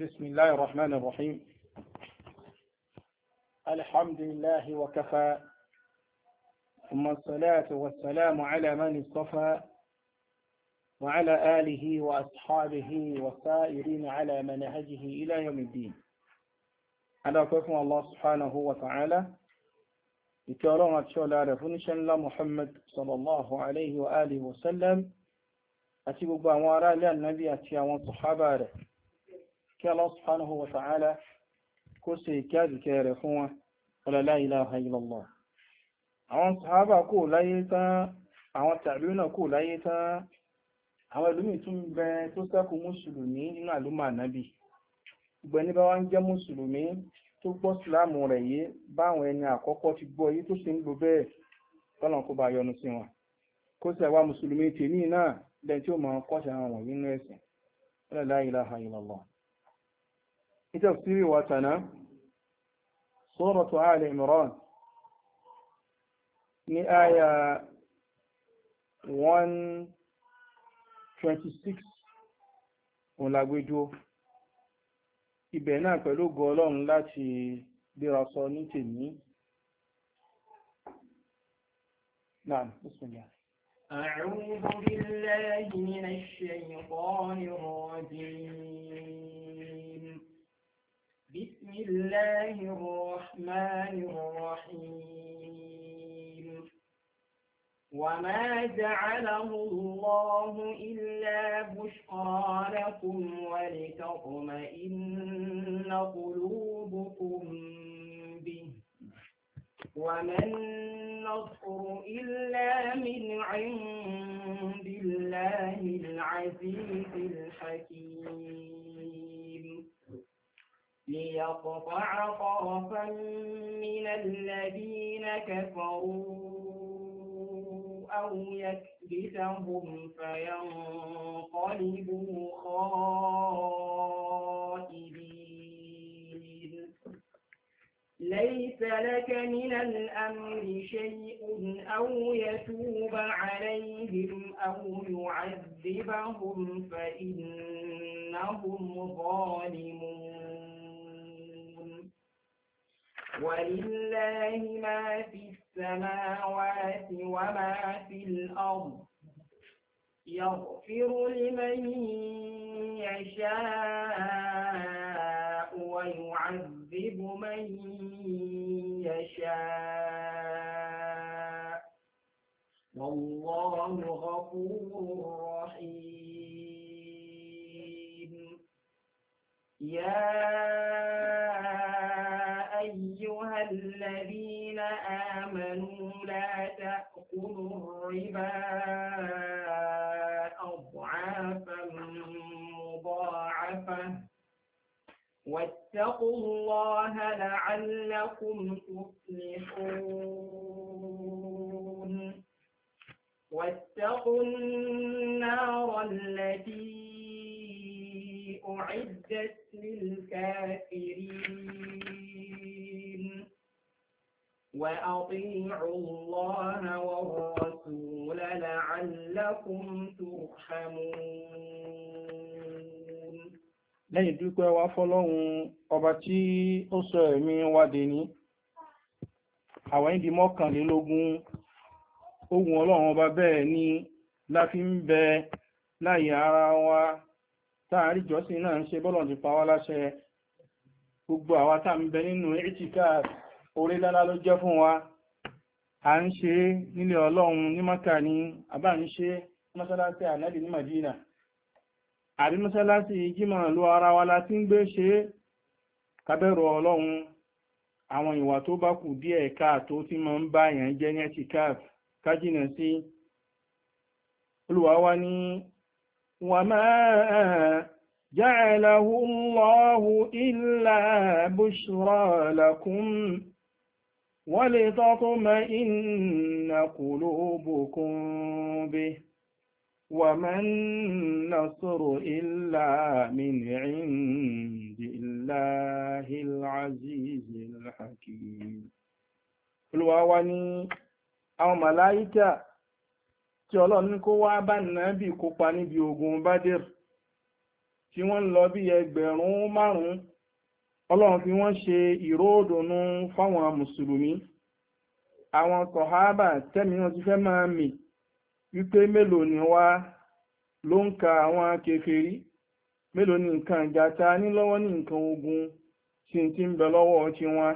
بسم الله الرحمن الرحيم الحمد لله وكفى ثم الصلاة والسلام على من اصطفى وعلى آله وأصحابه والسائرين على منهجه إلى يوم الدين على كفر الله سبحانه وتعالى ìkẹ́ọ̀lọ́run àti ọlá rẹ̀ fún níṣẹ́ ńlá Muhammad sallallahu alaihi wa alihi wa sallam àti gbogbo àwọn kí Allah subhanahu wa ta'ala kó se ìkẹ́ àjùkẹ́ rẹ̀ fún wọn ọlọ́lá ilaha illallah àwọn sàhábà kò láyé tán àwọn tàbí náà kò láyé tán àwọn ìlú mìí tún bẹ tó ṣẹ́kù mùsùlùmí nínú àlúmà nábì gbogbo ẹni bá wá ń jẹ́ mùsùlùmí tó gbọ́ rẹ̀ yé báwọn ẹni àkọ́kọ́ ti gbọ́ tó sì ń bẹ́ẹ̀ tọ́nà kó ní tafsiri wa tàná suratu Ali Imran ní àyà 126 òun lágbéjó ibẹ̀ náà pẹ̀lú ògo Ọlọ́run láti gbéra sọ ní tèmi náà bismillah أعوذ بالله من الشيطان الرجيم بسم الله الرحمن الرحيم وما جعله الله إلا بشرى لكم ولتطمئن قلوبكم به وما النصر إلا من عند الله العزيز الحكيم ليقطع طرفا من الذين كفروا أو يكبتهم فينقلبوا خائبين ليس لك من الأمر شيء أو يتوب عليهم أو يعذبهم فإنهم ظالمون ولله ما في السماوات وما في الأرض يغفر لمن يشاء ويعذب من يشاء والله غفور رحيم يا أيها الذين آمنوا لا تأكلوا الربا أضعافا مضاعفة واتقوا الله لعلكم تفلحون واتقوا النار التي أعدت للكافرين وأطيعوا الله والرسول لعلكم ترحمون lẹ́yìn dúpẹ́ wá fọ́lọ́hun ọba tí ó sọ ẹ̀mí wádìí ní àwọn ìdí mọ́kànlélógún ogun ọlọ́run ọba bẹ́ẹ̀ ni la fi ń bẹ láyé ara wa táàrí ìjọsìn náà ń ṣe bọ́lọ̀ ti wá láṣẹ gbogbo àwa ń bẹ nínú ìtìkáàtì orí lálá ló jẹ́ fún wa à ń ṣe nílé ọlọ́run ní mọ́kà ní àbá ń ṣe mọ́sálásí ànábì ní madina àbí mọ́sálásí jímọ̀ ló ara wa láti ń gbé ṣe kábẹ́rù ọlọ́run àwọn ìwà tó bá kù díẹ̀ káàtó tí mọ́ ń bá yẹn jẹ́ ní ẹ̀tìkáàf kájìnà sí olùwà wa ní wà máa ja'alahu ولتطمئن قلوبكم به وما النصر إلا من عند الله العزيز الحكيم Olúwa wa ní àwọn màláíkà tí Ọlọ́run kó wá bá nàbì kópa níbi ogun Bádìr tí wọ́n lọ bí ẹgbẹ̀rún márùn-ún ọlọ́run fi wọ́n ṣe ìróòdùnú fáwọn mùsùlùmí àwọn sọ̀hábà tẹ́mi wọn ti fẹ́ máa mì wípé mélòó ni wá ló ń ka àwọn kèfèrí mélòó ni nǹkan ìjà ta ní lọ́wọ́ ní nǹkan ogun tí ti ń bẹ lọ́wọ́ ti wọn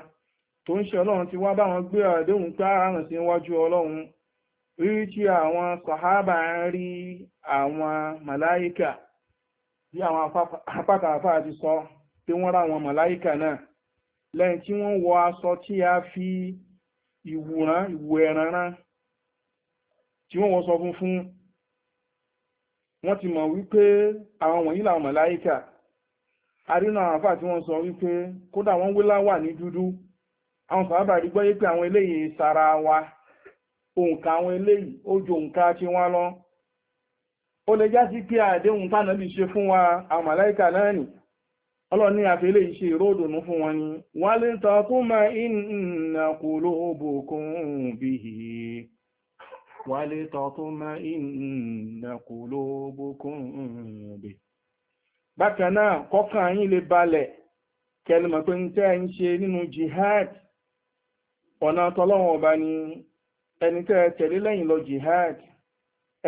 tó ń ṣe ọlọ́run ti wá bá wọn gbé àdéhùn pé àrùn sí iwájú ọlọ́run rírí tí àwọn sọ̀hábà ń rí àwọn màláíkà bí àwọn apákàáfà ti sọ. So pé wọ́n ra àwọn màláìkà náà lẹ́yìn tí wọ́n wọ aṣọ tí a fi ìwòrán ìwò ẹ̀ràn rán tí wọ́n wọ sọ funfun wọ́n ti mọ̀ wípé àwọn wọ̀nyí làwọn màláìkà arínà àwọn àfáà tí wọ́n sọ wípé kódà wọ́n wé láwà ní dúdú àwọn sàábà rí gbọ́ pé àwọn eléyìí sara wa òǹkà àwọn eléyìí ó ju òǹkà tí wọ́n lọ ó lè já pé àdéhùn tánàbì ṣe fún wa àwọn màláìkà náà nìí ọlọ́run ní àfẹ́lẹ́ ìṣe ìròdùnú fún wọn ni wọ́n lè tọ́ kú ma iná kú lóòbùkún bí i wọ́n lè tọ́ kú ma iná kú lóòbùkún bí i bákan kọ́kàn yín lè balẹ̀ kẹlùmọ̀ pé ń tẹ́ ń ṣe nínú jihad ọ̀nà tọ́lọ́wọ̀n ọba ni ẹni tẹ́ tẹ̀lé lẹ́yìn lọ jihad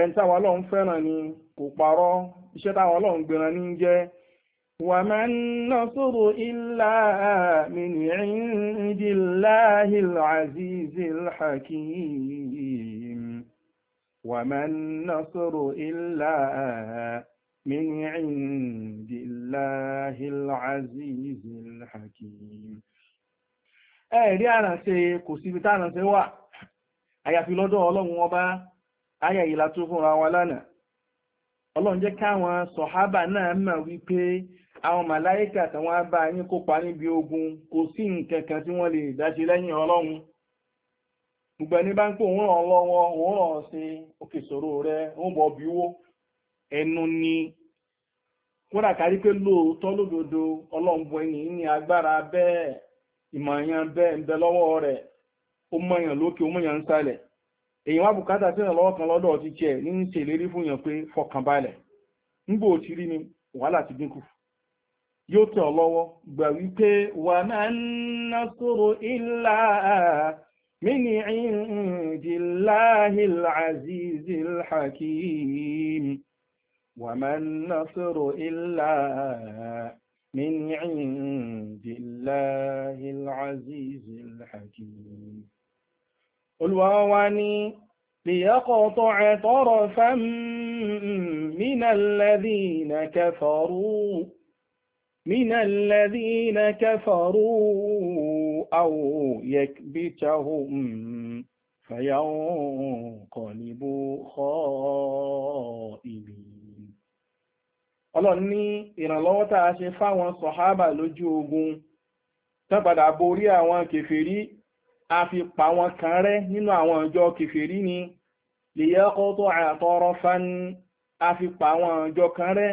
ẹni táwọn ọlọ́run fẹ́ràn ni kò parọ́ iṣẹ́ táwọn ọlọ́run gbẹ̀ràn ní jẹ́ وما النصر إلا من عند الله العزيز الحكيم وما النصر إلا من عند الله العزيز الحكيم ẹ̀rí àrànṣe kò síbi tárànṣe wà àyàfi lọ́dọ̀ ọlọ́run ọba ayà ìlà tó fúnra wa lánàá ọlọ́run jẹ́ káwọn sọ̀hábà àwọn màláíkà tàwọn abá yín kópa níbi ogun kò sí nǹkan tí wọ́n lè dáṣe lẹ́yìn ọlọ́run gbogbo ẹni bá ń pè òun ràn lọ́wọ́ òun ràn sí òkè rẹ òun bọ̀ ẹnu ni kódà kárí pé lóòótọ́ lódodo ọlọ́mbọ ẹni ní agbára bẹ́ẹ̀ ìmọ̀ọ̀yàn bẹ́ẹ̀ ń rẹ̀ ó mọ̀yàn lókè ó mọ̀yàn ń sálẹ̀ wá bùkátà sí kan lọ́dọ̀ tiẹ̀ ní yóò tẹ̀ ọ́ lọ́wọ́ gbà wípé wà máa ń ná sóró ilá mini indillahi al-aziz al-hakim wà máa ń ná sóró ilá من عند الله العزيز الحكيم الواواني ليقطع طرفا من الذين كفروا من الذين كفروا أو يكبتهم فينقلبوا خائبين Ọlọ́run ní ìrànlọ́wọ́ tá a ṣe fáwọn sọ̀hábà lójú ogun tán padà borí àwọn kèfèrí a fi pa wọn kan rẹ́ nínú àwọn ìjọ kèfèrí ni lèyẹ́kọ́ tó àtọrọ fani a fi pa àwọn ìjọ kan rẹ́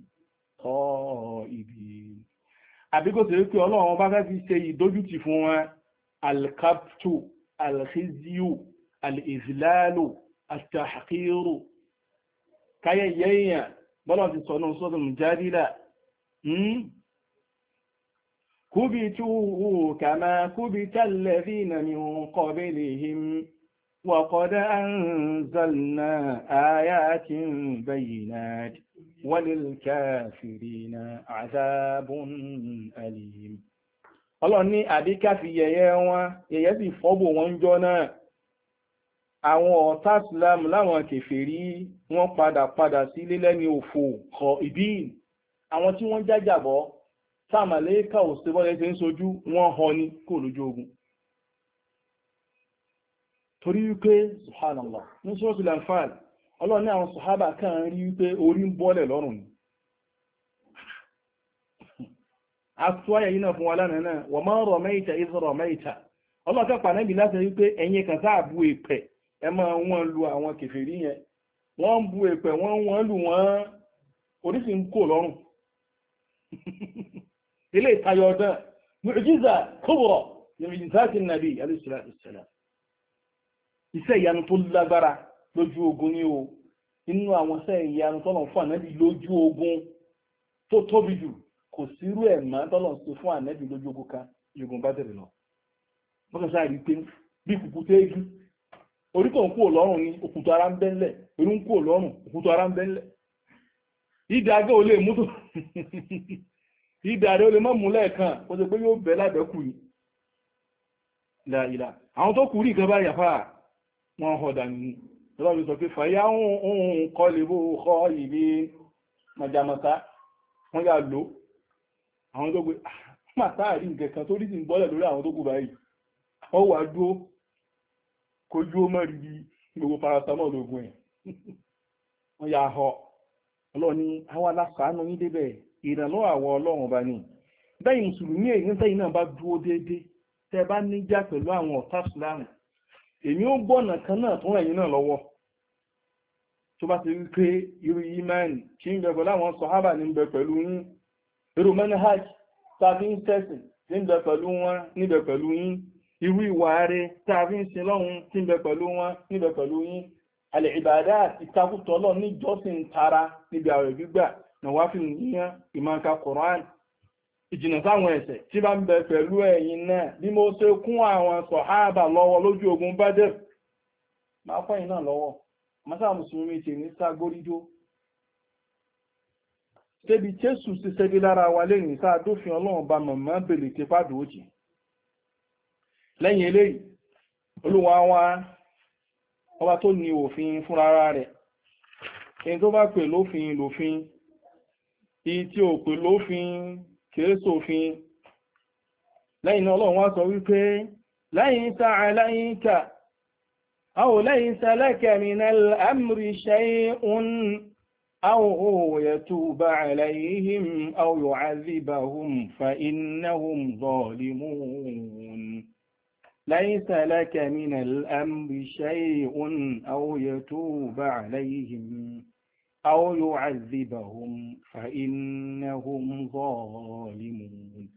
kọ́ ìdí àbí kò sí pé ọlọ́run bá fẹ́ fi ṣe ìdójútì fún wọn alkaptu alhiziu alìzìláàlù àtàkírù káyẹ bọ́lá ti sọ náà sọ́dún jádílà كبتوه كما كبت الذين من قبلهم وقد أنزلنا آيات بينات walilkafirina azabun alim ọlọ́run ní àdíkà fi yẹ̀yẹ́ wọn yẹ̀yẹ́ sì fọ́bò wọn ń jọ náà àwọn ọ̀tá islam láwọn kèfèrí wọn padà padà sílé lẹ́ni òfò kọ ìdín àwọn tí wọ́n jájàbọ́ sáàmàlẹ́kà òṣèbọ́lẹ̀ ti ń sojú wọ́n họ ní kò lójú ogun torí wípé subhanallah ní sọ́ọ̀tù lanfààní ọlọ́run ní àwọn sọ̀hábà kan rí wípé orí ń bọ́lẹ̀ lọ́rùn ni àtúwáyà yìí náà fún wa lánàá náà wọ́n máa ń rọ mẹ́ta ìsọ̀ rọ mẹ́ta ọlọ́ọ̀kẹ́ pàdánù láti rí pé ẹ̀yin kan sáà bu èpẹ̀ ẹ máa wọ́n lu àwọn yẹn wọ́n bu èpẹ̀ wọ́n wọ́n lù wọ́n oríṣi ń lọ́rùn ilé nàbí alẹ́ ìṣẹ̀lẹ̀ lójú ogun ní o inú àwọn iṣẹ́ ìyanu tọ́lọ̀ fún ànábì lójú ogun tó tóbi jù kò sírú ẹ̀ mọ́ tọ́lọ̀ ṣe fún ànábì lójú ogun kan yogun bá tẹ̀lé lọ wọ́n kàn sáà rí pé bí kùkù téégú orí kan kúrò lọ́rùn ni òkùtù ara ń bẹ́ńlẹ̀ orí ń kúrò lọ́rùn òkùtù ara ń bẹ́ńlẹ̀ ìdàgẹ́ ò lè mú tó ìdàrẹ́ ò lè mọ́ mú lẹ́ẹ̀kan ó ṣe pé yóò bẹ̀ lábẹ́kù ni àwọn tó kù rí ìkan bá yàfà wọn hàn dànù lọ́bí sọ pé fàyà ń kọ́ lè bó kọ́ ìbí mọ̀jàmọ̀ta wọ́n yà lò àwọn tó gbé ah, màtáàrí nǹkan tó rí sí bọ́lẹ̀ lórí àwọn tó kù báyìí ọ wà dúó kójú ó mọ́rí bí gbogbo paracetamol lóògùn ẹ̀ wọ́n yà họ ọlọ́ni àwọn aláṣàánú yín débẹ̀ ìrànlọ́wọ́ àwọn ọlọ́run bá ní bẹ́yìn mùsùlùmí èyí ń sẹ́yìn náà bá dúó déédéé tẹ́ bá níjà pẹ̀lú èmi ó gbọ́nà kan náà tó rẹ̀yìn náà lọ́wọ́ tó bá ti rí pé irú imani tí ń bẹ pẹ̀lú àwọn sọ̀hábà ní bẹ pẹ̀lú yín irú manhaj tàbí ń bie tí ń pẹ̀lú wọn níbẹ pẹ̀lú yín irú ìwà rẹ̀ tàbí ń sin lọ́hun tí ń pẹ̀lú wọn níbẹ pẹ̀lú yín alẹ́ ìbàdá àti takùtọ̀ tara níbi àwẹ̀ gbígbà ìjìnà sáwọn ẹ̀ṣẹ̀ tí bá ń bẹ pẹ̀lú ẹ̀yin náà bí mo ṣe kún àwọn sọ̀háàbà lọ́wọ́ lójú ogun Badr máa fọ́ iná lọ́wọ́ mọ́sá mùsùlùmí ti ní ságóríjó débi jésù ti ṣẹ́bí lára wa lẹ́yìn sáà dófin ọlọ́run ba mọ̀mọ́ bèlè ti pàdé òjì lẹ́yìn eléyìí olúwa wa ọba tó ní òfin fúnra rẹ̀ ẹni tó bá pè lófin lófin èyí tí ò pè lófin kìí sófin lẹ́yìn الله ọlọ́run wá sọ wípé lẹ́yìn tá أو ليس لك من الأمر شيء أو هو يتوب عليهم أو يعذبهم فإنهم ظالمون ليس لك من الأمر شيء أو يتوب عليهم أو يعذبهم فإنهم ظالمون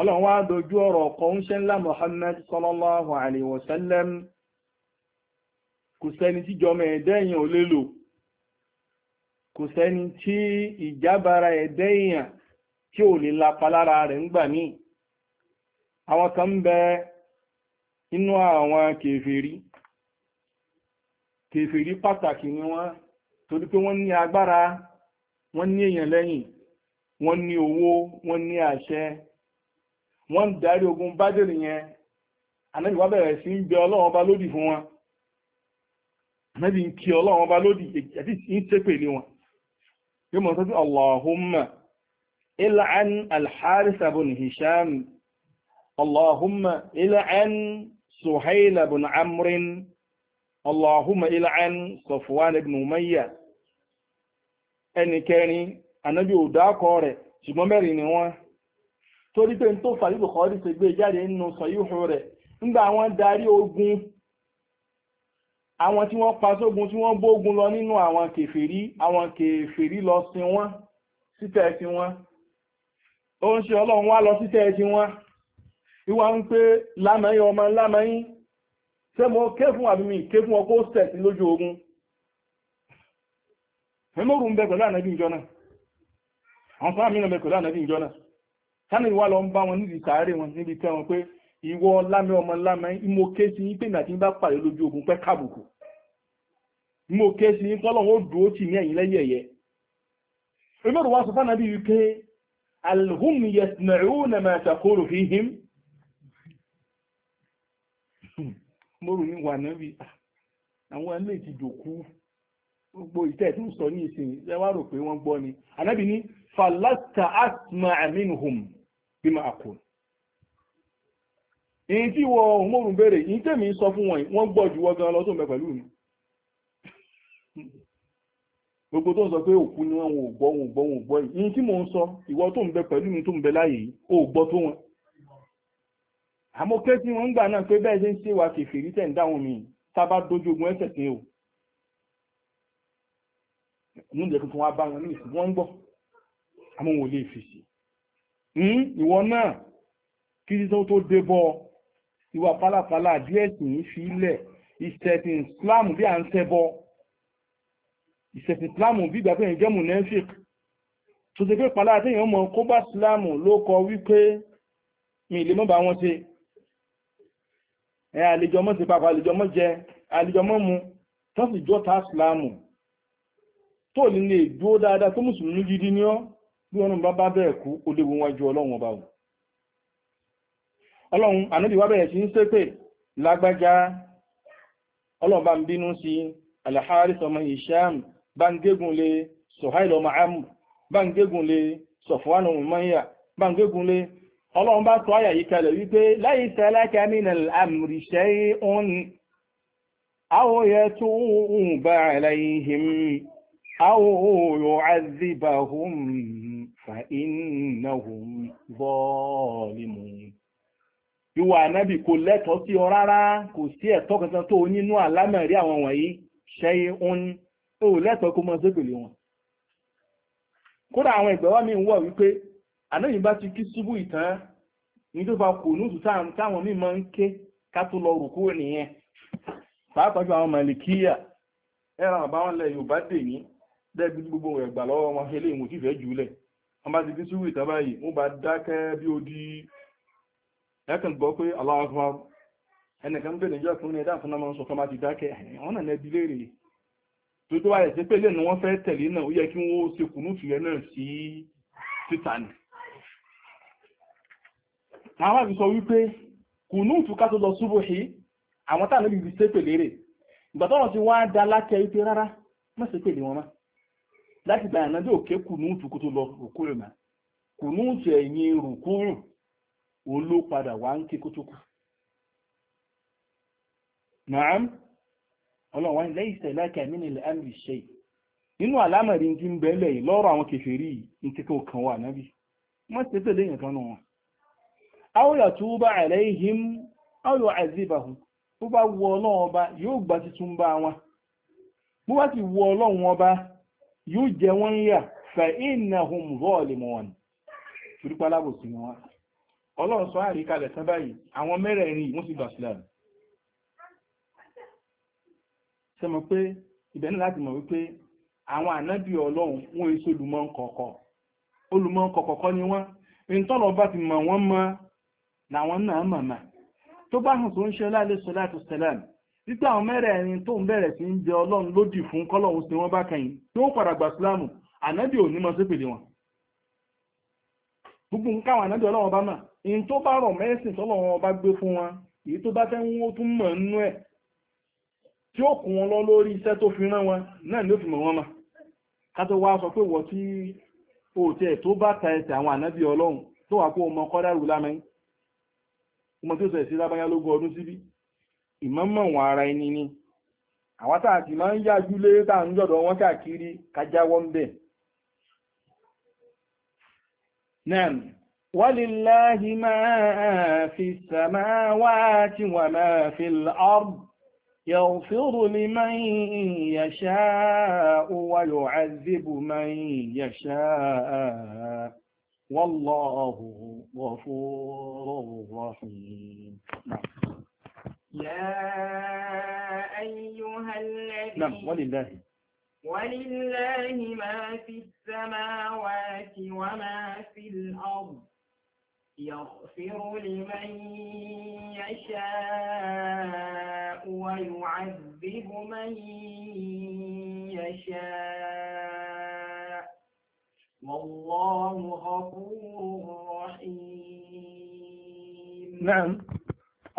ọlọ́run wá dojú ọ̀rọ̀ ọ̀kọ̀ ń ṣe ńlá Muhammad sallallahu alaihi wasallam kò sẹ́ni tí jọmọ ẹ̀dẹ́ èèyàn ò lè lò kò sẹ́ni tí ìjábára ẹ̀dẹ́ èèyàn tí ò lè lapa lára rẹ̀ ń gbà ní àwọn kan bẹ inú àwọn kèfèrí kèfèrí pàtàkì ni wọ́n torí pé wọ́n ní agbára wọ́n ní èèyàn lẹ́yìn wọ́n ní owó wọ́n ní àṣẹ wọ́n ń darí ogun bádìrì yẹn anábì wá bẹ̀rẹ̀ sí ń bẹ ọlọ́run bá lódì fún wọn anábì ń kí ọlọ́run bá lódì àti ń ṣépè lé wọn yóò mọ̀ sọ́tún allahumma il'an al-harith allahumma il'an suhail ibn amrin اللهم إلعن صفوان بن أمية ẹnì kẹrin ànábì ò dákọ rẹ̀ ṣùgbọ́n mẹ́rin ni wọ́n torí pé tó fàlíbù kọ́ rí ṣègbè jáde nínú sọ̀yúhù rẹ̀ ogun awọn tí pa bógun lọ n'inu awọn kèfèrí àwọn kèfèrí lọ sin wọ́n si lọ ṣé mo ké fún àbí mi ké fún ọkọ̀ sẹ̀t lójú ogun mẹ́mọ́rù ń bẹ pẹ̀lú ànábì ìjọ náà àwọn sọ́nà mìíràn bẹ pẹ̀lú ànábì ìjọ náà sánà ìwà lọ ń bá wọn níbi sàárè wọn níbi tẹ́ wọn pé ìwọ lámẹ́ ọmọ lámẹ́ ìmọ̀ ké sí ní pèmí àti bá pàdé lójú ogun pẹ́ kábùkù ìmọ̀ ké sí ní tọ́lọ̀ wọn ó dúró tì ní ẹ̀yìn lẹ́yẹ̀yẹ mẹ́mọ́rù wa sọ fún ànábì wípé alhum yasma'una ma taqulu fihim mo rò ní wà náà bí ah, àwọn ilé ti dòkú gbogbo ìtẹ́ tó ń sọ ní ìsìn ẹ wá rò pé wọ́n gbọ́ ni ànábì ní falasta asma aminhum bí máa kò èyí tí wọ òmòrùn béèrè yìí tèmi sọ fún wọn wọ́n gbọ́ ju wọ́n gan lọ tó ń bẹ pẹ̀lú mi gbogbo tó ń sọ pé òkú ni wọn ò gbọ́ wọn ò gbọ́ wọn ò gbọ́ yìí tí mò ń sọ ìwọ tó ń bẹ pẹ̀lú mi tó ń bẹ láàyè yìí ò gbọ́ tó wọn àmókè tí wọ́n ń gbà náà pé bẹ́ẹ̀ ṣe ń ṣe wà kèfèrí tẹ̀ ń dáhùn mi tá a bá dojú ogun ẹ̀sẹ̀ sí o inú ìjẹ́ tuntun wa bá wọn ní ìsìn wọ́n ń gbọ́ àmọ́ wọn ò lè fèsì hmm? ìwọ náà kí títọ́ tó dé bọ́ ìwà pálapàla díẹ̀ sì ń fi ilẹ̀ ìṣẹ̀tìn Islam bí à ń ṣẹbọ ìṣẹ̀tìn Islam bí ìgbà pé ń jẹ́ mùnẹ́fíkì tó ṣe pé pàlá àtẹ́yìn ọmọ kó bá Islam ló kọ wípé mi ìlé wọn ṣe ẹ àlejò mọ́ sí papọ̀ àlejò mọ́ jẹ àlejò mọ́ mu tó sì jọ ta sílámù tó ní lè dúó dáadáa tó mùsùlùmí gidi ní ọ́ bí wọn bá bá bẹ́ẹ̀ kú ó léwu wájú ọlọ́run ọba o ọlọ́run ànábì wá bẹ̀rẹ̀ sí ń ṣépè lágbájá ọlọ́run bá ń bínú sí Al-Harith ọmọ Hisham bá ń gégùn lé Suhail ọmọ bá ń gégùn lé Safwan ọmọ bá ń gégùn lé ọlọ́run bá sọ àyà yìí kalẹ̀ wípé laysa laka minal amri shay'un aw yatuba alayhim aw yu'adhibahum fa innahum zalimun ìwà ànábì kò lẹ́tọ̀ọ́ sí ọ rárá kò sí ẹ̀tọ́ kankan tó nínú àlámẹ̀rí àwọn wọ̀nyí shay'un ó lẹ́tọ̀ọ́ kó mọ́ sókèlè wọn kódà àwọn ìgbẹ̀wọ́ mi wọ̀ wípé ànáyìn bá ti kí ṣubú ìtàn ní tó bá kò nútù táwọn mí máa ń ké ká tó lọ rùkú nìyẹn pàápàá jù àwọn màlìkíyà ẹran àbá wọn lẹ yorùbá dè ní dẹ́gbí gbogbo ẹ̀gbà lọ́wọ́ wọn ṣe lè mú fífẹ́ jùlẹ̀ wọn bá ti kí ṣubú ìtàn báyìí wọn bá dákẹ́ bí ó di ẹ̀kan gbọ́ pé Allahu Akbar ẹnìkan bẹ̀rẹ̀ níjọ́ kan ní ẹ̀dá fún ọmọ sọ fún ọmọ ti dákẹ́ wọn náà nẹbi léèrè tó tó àwọn àbí sọ wípé kùnúùtù ká tó lọ súbòhí àwọn táà níbi ibi sépè lérè ìgbà tọ́rọ̀ ti wá da lákẹ́ wípé rárá má sépè lé wọn má láti gbà àná dé òkè kùnúùtù kó tó lọ rùkú rẹ̀ má kùnúùtù ẹ̀yìn rùkú rùn òun ló padà wá ń ké kó tó kù. Nàám ọlọ́run wá ilẹ̀ ìṣẹ̀lẹ̀ kẹ́mínì ilẹ̀ àmì ìṣe nínú kan náà wọn aw yatuba alayhim aw yu'azibahum bó bá wù ọlọ́run ọba yóò gba titun bá wọn bó bá ti wù ọlọ́run ọba yóò jẹ wọ́n yà fa innahum zalimun torípa alábòsí ni wọn ọlọ́run sọ àríkalẹ̀ tán báyìí àwọn mẹ́rẹ̀ẹ̀rin wọ́n sì gbà síláàmù èso olùmọ̀ ń kọ̀ọ̀kọ̀ olùmọ̀ ni wọ́n ìtọ́lọ̀ bá ti mọ̀ wọ́n mọ́ na náà màmá tó bá hàn tó ń ṣe láìlé sọláàtù sẹlẹm wípé àwọn mẹ́rẹ̀ẹ̀rin tó lodi fun wọn gbogbo nǹkan àwọn ànábì ọlọ́run bá mà in tó bá wọn èyí tó bá fẹ́ ń wó tún mọ̀ wọn lọ lórí iṣẹ́ fi ni ma. fi wọn sọ pé wọ́n tí òtẹ́ to ta ẹsẹ̀ àwọn ànábì ọlọ́run tó ọmọ tí ó sẹ̀ sí lábáyá lógún ọdún síbí ìmọ̀mọ̀ wọn ara ẹni ni àwọn tá a máa ń yájú lé tá ń jọ̀dọ̀ wọn káàkiri kájáwọ́ ń bẹ̀. nam walillahi máa fi samawati wa máa fil ard yaghfir liman yasha'u wa yu'adhibu man yasha'u wallahu ghafur الرحيم نعم. يا أيها الذين نعم ولله ولله ما في السماوات وما في الأرض يغفر لمن يشاء ويعذب من يشاء والله غفور رحيم Naam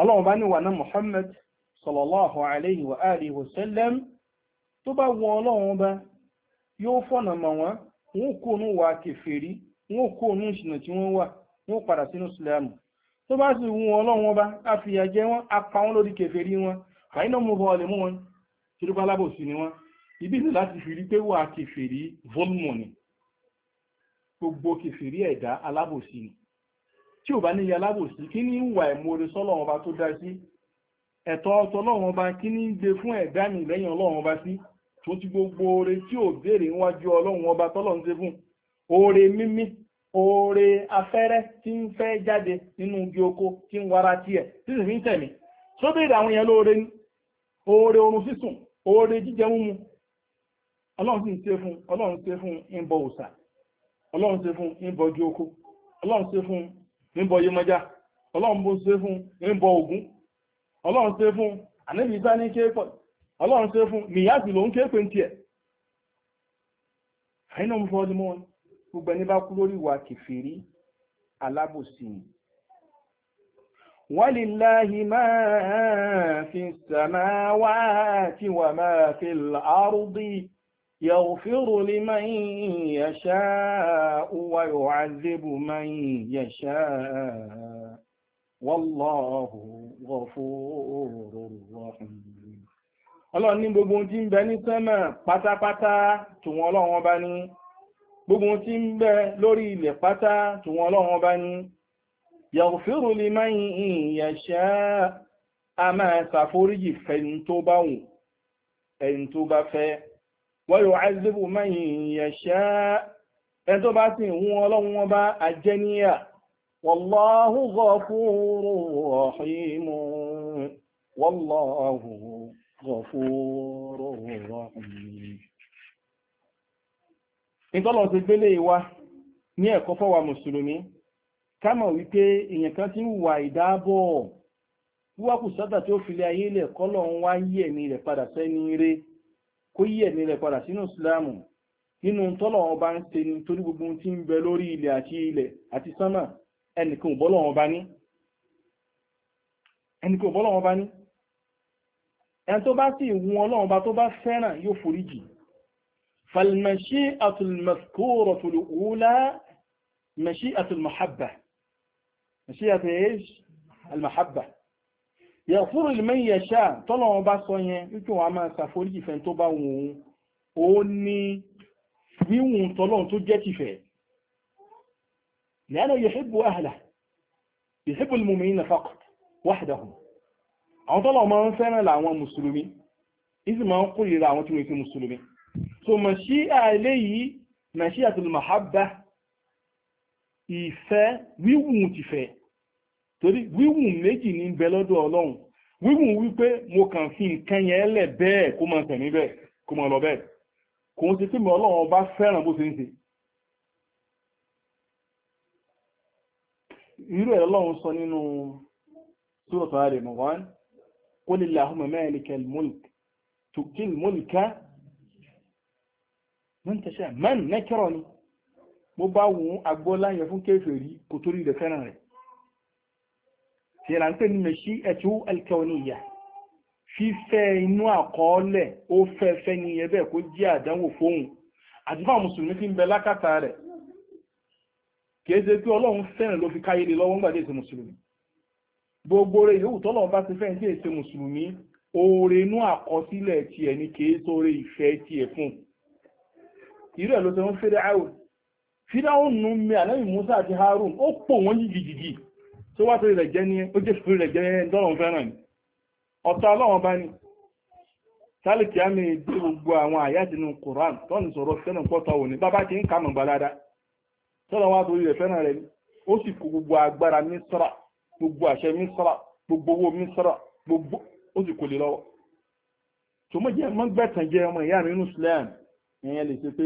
ọlọ́run bá ní wà náà Muhammad sallallahu alayhi wa alihi wa sallam tó bá wọn ọlọ́run bá yóò fọ̀nà mọ̀ wọ́n wọn kò nù wà kèfèrí wọn kò nù ìṣìnà tí wọ́n wà wọn padà sínú Ìsìlámù tó bá sì wọn ọlọ́run bá a fìyà jẹ wọn a pa wọn lórí kèfèrí wọn fàyínà mú bọ́ọ̀lì mú wọn tìrúbá alábòsí ni wọn ibi ìlú láti fi rí pé wà kèfèrí volume ni gbogbo kèfèrí ẹ̀dá alábòsí ni tí ò bá ní yalábòsí kí ní ìwà ìmoore sọ́lọ́run ọba tó dá sí ẹ̀tọ́ ọtọlọ́run ọba kí ní gbé fún ẹ̀dá mi lẹ́yìn ọlọ́run ọba sí tó ti gbogbo oore tí ò béèrè níwájú ọlọ́run ọba tọ́lọ́run ṣe fún oore mímí oore afẹ́rẹ́ tí ń fẹ́ jáde nínú igi oko tí ń wara tiẹ̀ tí sì fi ń tẹ̀mí tó béèrè àwọn yẹn lóore ní oore oorun sísùn oore jíjẹ mímu ọlọ́run sì ń ṣe fún ọlọ́run ṣe fún ń bọ òòṣà ọlọ́run ṣe fún ń bọ ojú oko ọlọ́run ṣe fún níbọ̀ yẹmọjá ọlọ́run bó ṣe fún níbọ̀ ogun ọlọ́run ṣe fún ànábì ìsá ní ké pọ̀ ọlọ́run ṣe fún nìyáàsì ló ń ké pé ń tiẹ̀ àyínà mú fọ́ọ́dún mọ́ wọn gbogbo ẹni bá kú lórí ìwà kìfìrí wàlìláhì máa fi sàmáwá àti wà máa fi àrùdí يغفر لمن يشاء ويعذب من يشاء والله غفور رحيم ọlọ́run ní gbogbo ohun tí ń bẹ ní sẹ́mà pátápátá tùwọn ọlọ́run ọba ní gbogbo ohun tí ń bẹ lórí ilẹ̀ pátá tùwọn ọlọ́run ọba ní yaghfiru liman yasha a máa ṣàforíjì fẹ́ni tó bá wù ẹni tó bá fẹ́ wayu'azzibu man yasha ẹni tó bá sì ń bá wallahu ìtọ́lọ̀ ti gbélé wa ní ẹ̀kọ́ fọ́wà mùsùlùmí wípé kan ti ń wà ìdábọ̀ wíwákùsọ́tà tó fi lé ayé lẹ̀ padà rẹ̀ kó yí ẹ̀mí rẹ̀ padà sínú ìsìláàmù nínú tọ́lọ̀ ọba ń ṣe ni torí gbogbo ohun tí ń bẹ lórí ilẹ̀ àti ilẹ̀ àti sánmà ẹnìkan ò bọ́lọ̀ ọba ní ẹnìkan ò bọ́lọ̀ ọba ní ẹni tó bá sì wù Ọlọ́run ọba tó bá fẹ́ràn yóò foríjì falmashi atulmaskoro tulula mashi atulmahabba mashi atulmahabba yẹ̀fúrù ìlmẹ́yìn ẹ̀ṣà tọ́lọ́wọ́n bá sọ yẹn wípé wọ́n a máa ṣàforíjì fẹ́ tó bá wọn òun ó ní wíwùn tọ́lọ́wọ́n tó jẹ́ tìfẹ́ lẹ́nu yẹ̀hìbù ahla yẹ̀hìbù al-mu'minina faqat wahdahum àwọn tọ́lọ́wọ́n máa ń fẹ́ràn làwọn mùsùlùmí ìsì máa ń torí wíwùn méjì ní bẹ lọ́dọ̀ ọlọ́run wíwùn wípé mo kàn fi nǹkan yẹn lẹ̀ bẹ́ẹ̀ kó máa tẹ̀mí bẹ́ẹ̀ kó máa lọ bẹ́ẹ̀ kò ń ṣe pé mi ọlọ́run ọba fẹ́ràn bó ṣe ń ṣe irú ẹ̀ lọ́run sọ nínú suratul Al-Imran qul Allahumma malikal mulk tu'til mulka man tasha man nakirani mo bá wù agbọ́láyẹ fún kéfèrí kò torí rẹ̀ fẹ́ràn rẹ̀ tí ẹ̀là ń pè ní mẹ́ṣí ẹ̀tú alkaoniya fífẹ́ inú àkọọ́lẹ̀ ó fẹ́fẹ́ ní ẹbẹ̀ kó jẹ́ àdánwò fóhun àti mùsùlùmí tí ń bẹ lákàtà rẹ̀ kìí pé ọlọ́run ló fi káyé lọ́wọ́ ńgbà tí gbogbo rẹ̀ yòówù bá ti mùsùlùmí oore inú àkọsílẹ̀ ìfẹ́ fún ẹ̀ ló áwò nù mí Musa àti Harun ó pò wọ́n tó wá torí rẹ̀ jẹ́ ní ó jẹ́ torí rẹ̀ jẹ́ dọ́rùn fẹ́ràn ní ọ̀tá ọlọ́run bá ní sálìkì àmì dé gbogbo àwọn àyájì nínú Quran tó ń sọ̀rọ̀ fẹ́ràn pọ́tọ̀ òní bàbá ti ń kà mọ̀ gbàdáda tọ́lọ̀ wá torí rẹ̀ fẹ́ràn rẹ̀ ó sì kó gbogbo agbára Mísírà gbogbo àṣẹ Mísírà gbogbo owó Mísírà gbogbo ó sì kò lè lọ́wọ́ tó mọ̀ jẹ́ mọ́ gbẹ̀tàn jẹ́ ọmọ ìyá mi nínú ìyẹn lè ṣe pé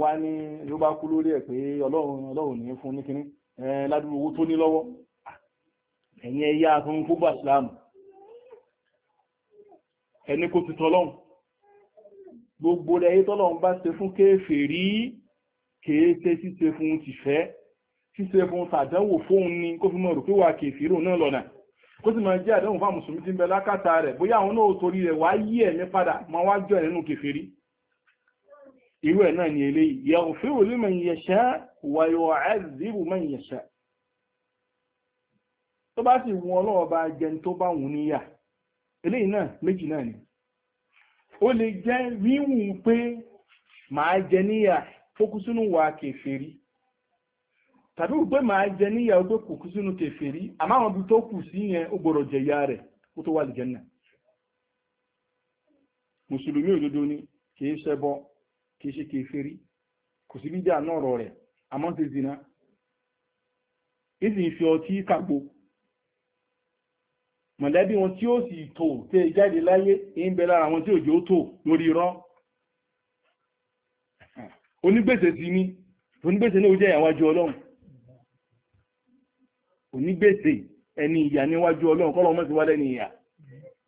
wá ní ló kú lórí ẹ̀ pé ọlọ́run ọlọ́run ní fún ní kínní Eh, ládùúgbò owó tó ní lọ́wọ́ ẹ̀yin ẹ̀yà àtún gbogbo àsìlámù ẹni kò ti tọ́lọ́n gbogbo ẹ̀yẹ tọ́lọ́n bá ṣe fún kéfèrí kéèṣe ṣíṣe fún tìfẹ́ ṣíṣe fún tàdánwò fóun ni kó fi mọ̀ rò pé wà kéfèrí òun náà lọ́nà kó sì máa jẹ́ àdánwò fáwọn mùsùlùmí ti ń bẹ lákàtà rẹ̀ bóyá àwọn náà torí rẹ̀ wá yí ẹ̀mí padà máa wá jọ ẹ̀rẹ́nu kéfèrí irú ẹ̀ náà ni eléyìí yaghfiru liman yasha wa yu'adhibu man yasha tó bá sì wọn ọlọ́wọ́ bá jẹun tó bá wù níyà eléyìí náà méjì náà ni ó lè jẹ́ wíwù pé màá jẹ níyà fókú wà kèfèrí tàbí wípé màá jẹ níyà ó pé kò kú àmọ́ àwọn ibi tó kù sí yẹn ó gbọ́dọ̀ jẹ ìyá rẹ̀ kó tó wà lè jẹ́ ni kì í kì í ṣe kèfèrí kò sí bídà náà ọ̀rọ̀ rẹ̀ àmọ́ ti zina ìsì ń fi ọtí kàgbo mọ̀lẹ́bí wọn tí ó sì tò tẹ́ jáde láyé ń bẹ lára wọn tí òjò tò lórí irọ́ onígbèsè sí ní onígbèsè ní ó jẹ́ ọlọ́run onígbèsè ẹni ìyà níwájú ọlọ́run kọ́lọ́ mọ́ sí wálẹ́ ni ìyà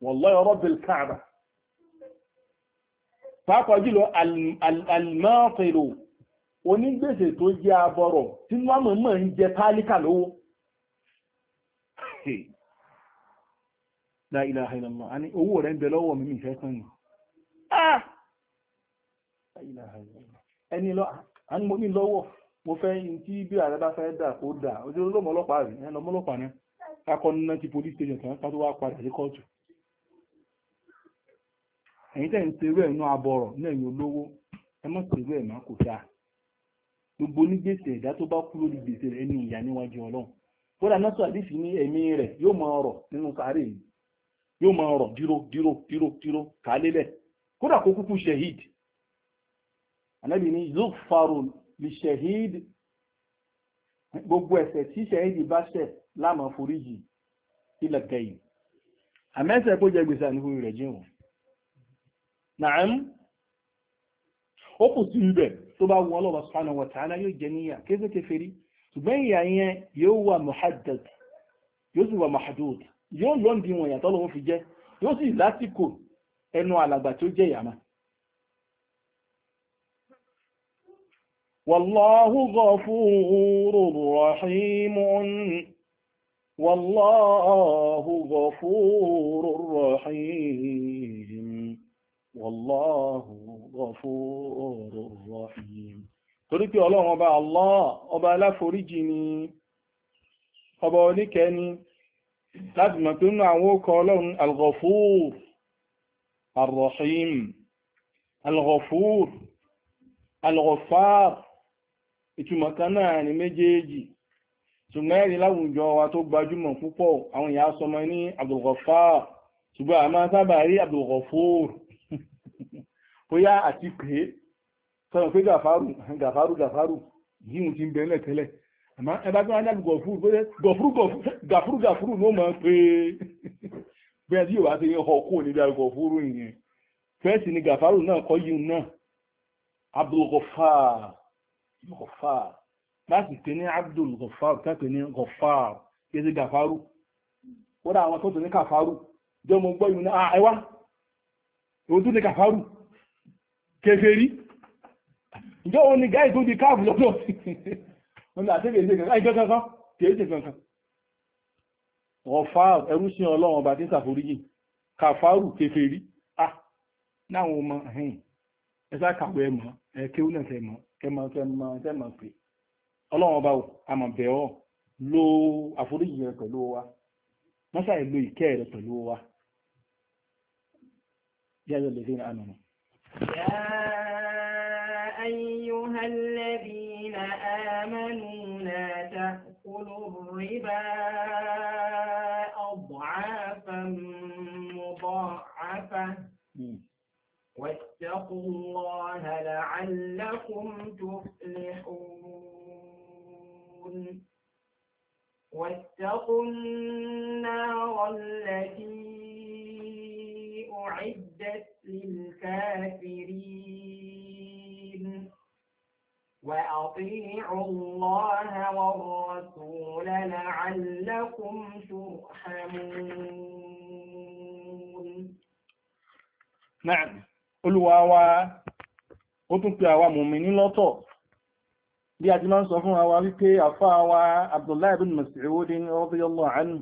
wallahi rabbil Kaaba pàápàá jùlọ almọ́fẹ̀lò onígbèsè tó jẹ́ abọ́rọ̀ tí wọ́n mọ̀ mọ̀ ń jẹ tálíkà lówó owó rẹ̀ ń bẹ lọ́wọ́ mi ìfẹ́ ah! ẹni lọ ẹ̀yin tẹ̀ ń serú ẹ̀ nú abọ̀rọ̀ náà yóò lówó ẹ má serú ẹ̀ má kò dáa gbogbo onígbèsè ẹ̀dá tó bá kú lórí gbèsè rẹ̀ ní ìyá níwájú ọlọ́run kódà náà sọ àdìsí ní ẹ̀mí rẹ̀ yóò máa rọ̀ nínú sáré yìí yóò máa rọ̀ díró díró díró díró kálélẹ̀ kódà kó kúkú shahid ànábì ní zufaru li shahid gbogbo ẹ̀ṣẹ̀ tí shahid bá ṣẹ̀ láàmú foríjì ilẹ̀ gẹ̀yìn àmẹ́sẹ̀ kó jẹ gbèsè àníkú rẹ̀ jẹun nàám ó kù sí ibẹ̀ tó bá wọn lọ́wọ́ subhanahu wa ta'ala yóò jẹ níyà kéèsè kèfèrí ṣùgbọ́n ìyà yẹn yóò wà muhaddad yóò sì wà mahdud yóò lọ́ndì wọn ìyà tọ́lọ́wọ́ fi jẹ́ yóò sì lásìkò ẹnu alàgbà tó jẹ́ ìyàmá wallahu ghafurur rahimun wallahu ghafurur rahim wallahu ghafurur rahim torí pé ọlọ́run ọba Allah ọba aláforíjì ni ọba oníkẹni láti mọ̀ pé nínú àwọn ókọ ọlọ́run al-Ghafur ar-Rahim al-Ghafur al-Ghaffar ìtumọ̀ kan náà ni méjèèjì ṣùgbọ́n láwùjọ wa tó gbajúmọ̀ púpọ̀ àwọn ìyá sọmọ ní Abdul ṣùgbọ́n a máa sábà rí bóyá àti pé sọ̀rọ̀ pé gàfárù gàfárù gàfárù yíò ti ń bẹ lẹ̀ tẹ́lẹ̀ àmọ́ ẹbá tó wájá gọ̀fúrú gọ̀fúrú gàfúrú gàfúrú ló máa pé bẹ́ẹ̀ tí yóò wá ti hàn kó níbi gọ̀fúrú yẹn fẹ́ẹ̀sì ni gàfárù náà kọ́ yíò náà abdulgọfàr gọfàr láti pè ní abdulgọfàr tẹ́pẹ̀ ní gọfàr yé ti gàfárù ó dá àwọn tó ti ní kàfárù jọ gbọ́ yìí náà ẹwà òun tó ti kàfárù kèfèrí ìjọ òun ni gáì tó di káàbù lọ́dọ̀ wọn àti kèé ṣe kankan ìjọ kankan kèé ṣe kankan ọ̀fà ẹrú sí ọlọ́run ọba tí ń ṣàforíjì kàfárù kèfèrí à ah, náwọn ọmọ ẹ̀hìn ẹ̀sà kàwé ẹ̀mọ́ ẹ̀kẹ́ òun náà tẹ̀mọ́ kẹmọ́ kẹmọ́ tẹ̀mọ́ pé ọlọ́run ọba àmọ̀bẹ̀ ọ́ lo àforíjì rẹ pẹ̀lú wa mọ́sàá ìlú ìkẹ́ rẹ pẹ̀lú wa yáyọ̀ lè fi ànàmọ́ يا أيها الذين آمنوا لا تأكلوا الربا أضعافا مضاعفة واتقوا الله لعلكم تفلحون واتقوا النار التي أعدت للكافرين وأطيعوا الله والرسول لعلكم ترحمون نعم Olúwa wa ó tún pe àwa mùmínì lọ́tọ̀ bí a ti máa ń sọ fún wa wípé àfáà wa Abdullahi bin Mas'ud radiyallahu anhu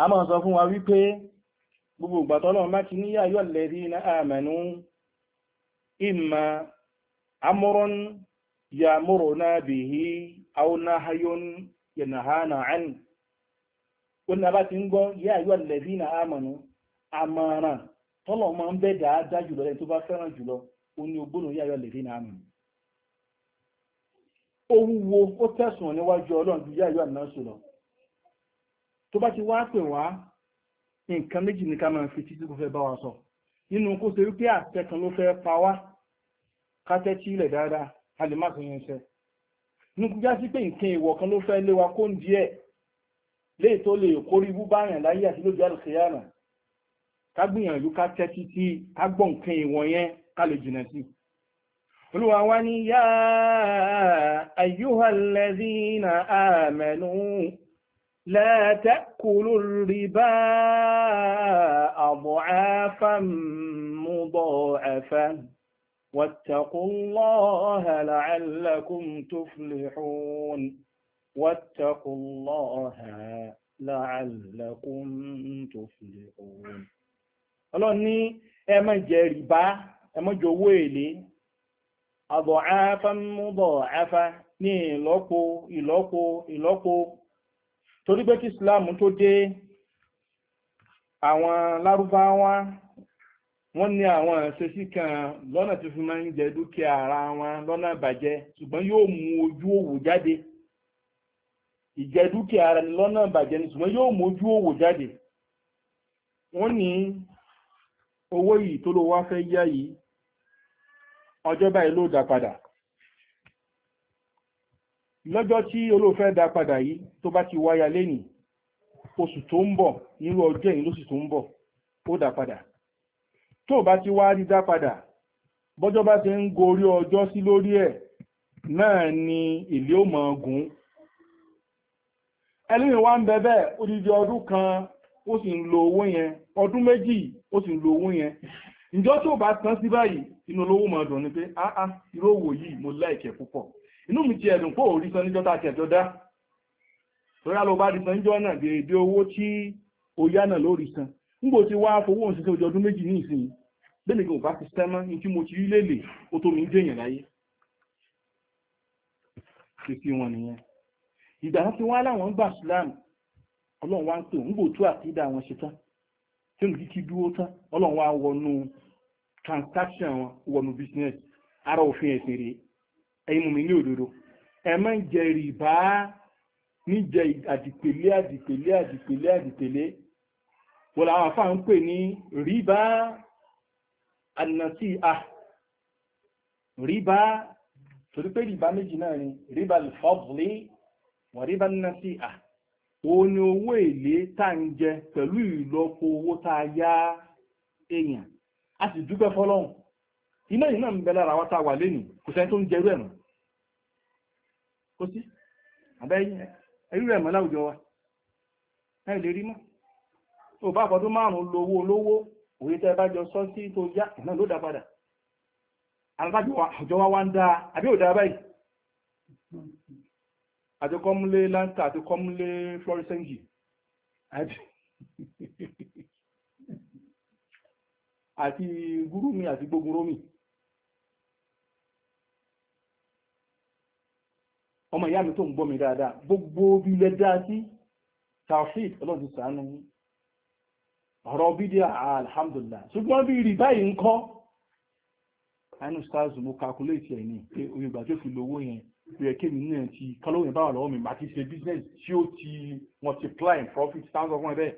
a máa sọ fún wa wípé gbogbo ìgbàtọ́lọ́ má ti níyà lẹ́rí ya múrò náà bìí auna hayon yana hana an wọ́n bá ti ń ya lẹ́rí na anụ àmàràn tọ́lọ̀ ń bẹ́ jùlọ ẹni tó bá fẹ́ràn jùlọ ogbónú lẹ́rí na àmànú ó wúwo ó tẹ̀sùn níwájú ọlọ́run ju yà yọ àmànú sùn lọ tó bá ti wá pè wá nǹkan méjì ní ká máa fi títí kò fẹ́ bá wa sọ nínú kó ṣe wípé àṣẹ kan ló fẹ́ pa wá ká tẹ́tí ilẹ̀ dáadáa a lè má sọ yẹn ṣe nínú já sí pé nǹkan ìwọ̀ kan ló fẹ́ lé wa kó ń díẹ̀ léè tó lè kórí bú báyàn láyé àti lójú àlùkìyàmà ká gbìyànjú ká tẹ́tí tí ká gbọ́ nǹkan ìwọ̀ yẹn ká lè jìnà sí olúwa wá ní yá ayyuhal ladhina amanu لا تأكلوا الربا أضعافا مضاعفا واتقوا الله لعلكم تفلحون واتقوا الله لعلكم تفلحون ọlọ́run ní ẹ má jẹ rìbá ẹ èlé أضعافا مضاعفا ní ìlọ́po ìlọ́po ìlọ́po torí pé kí islam tó dé àwọn lárúbáwá wọ́n ní àwọn ìṣesí kan lọ́nà tó fi máa ń jẹ dúkìá ara wọn lọ́nà ìbàjẹ́ ṣùgbọ́n yóò mú ojú òwò jáde ìjẹ dúkìá ara ni lọ́nà ìbàjẹ́ ni ṣùgbọ́n yóò mú ojú òwò jáde wọ́n ní owó yìí tó ló wá fẹ́ yá yìí ọjọ́ báyìí ló dá padà lọ́jọ́ tí olóòfẹ́ dá padà yìí tó bá ti wáyà lẹ́nìí oṣù tó ń bọ̀ nírú ọjọ́ yìí lóṣù tó ń bọ̀ ó dá padà tó bá ti wá rí dá padà bọ́jọ́ bá ti ń gorí ọjọ́ sí lórí ẹ̀ náà ni èlé ò mọ̀ gùn ẹlẹ́yìn wá ń bẹ odidi ọdún kan ó sì ń lo owó yẹn ọdún méjì ó sì ń lo owó yẹn ǹjọ́ tó bá tán sí báyìí inú olówó mọ̀ dùn ni pé áá irú òwò yìí mo láìkẹ́ púpọ̀ inú mi ti ẹ̀dùn pò rí san níjọ́ tàbí ẹ̀jọ́ dá lórí àlọ́ bá san níjọ́ náà dèédé owó tí ó san nígbò tí wá fowó òṣìṣẹ́ ojú ọdún méjì ní ìsìn lẹ́nu kí n bá ti sẹ́mọ́ ní mo ti rí lélè ó tó mi ń dèèyàn láyé fífi wọn nìyẹn ìgbà tí wọ́n láwọn gbà Islam ọlọ́run wá ń pè nígbò tó àkídà wọn ṣe tán tí mo kíkí dúró ara òfin ẹ̀sìn ẹ̀yin mùmí ní òdodo ẹ má ń jẹ rìbá níjẹ àdìpèlé àdìpèlé àdìpèlé àdìpèlé wọ́n làwọn afá ń pè ní rìbá ànàtì à rìbá torí pé rìbá méjì náà ni rìbá lùfọ́bùlé wọ́n rìbá ànàtì à òun ni owó èlé tá ń jẹ pẹ̀lú ìlọ́po owó tá a yá èèyàn a sì dúpẹ́ fọlọ́hún iná yìí náà ń bẹ lára wa tá a wà lénìí kò sẹ́ni tó ń jẹrú ẹ̀ náà kó sí àbẹ́yìn ẹ̀rí rẹ̀ mọ́ láwùjọ wa ẹ lè rí mọ́ tó bá fọdún márùn-ún lówó olówó òye tẹ́ bá jọ sọ sí tó já náà ló dá padà alábàjọ àjọ wa wá ń dáa àbí ò dáa báyìí àti kọ́múlé lanka àti kọ́múlé florisengi àti gúrúmi àti gbógunrómi ìyá mi tó ń gbọ́ mi dáadáa gbogbo bí lẹ dáa sí tawhid ọlọ́run ti sàánú ọ̀rọ̀ bídíà alhamdulillah ṣùgbọ́n bí rí báyìí ń kọ́ inú stars mo calculate ẹ̀ ní pé oye ìgbà tó fi lówó yẹn ó yẹ kémi náà ti kọ́lọ́wọ́ yẹn báwà lọ́wọ́ mi máa ti ṣe business tí ó ti multiply in profit thousand one bẹ́ẹ̀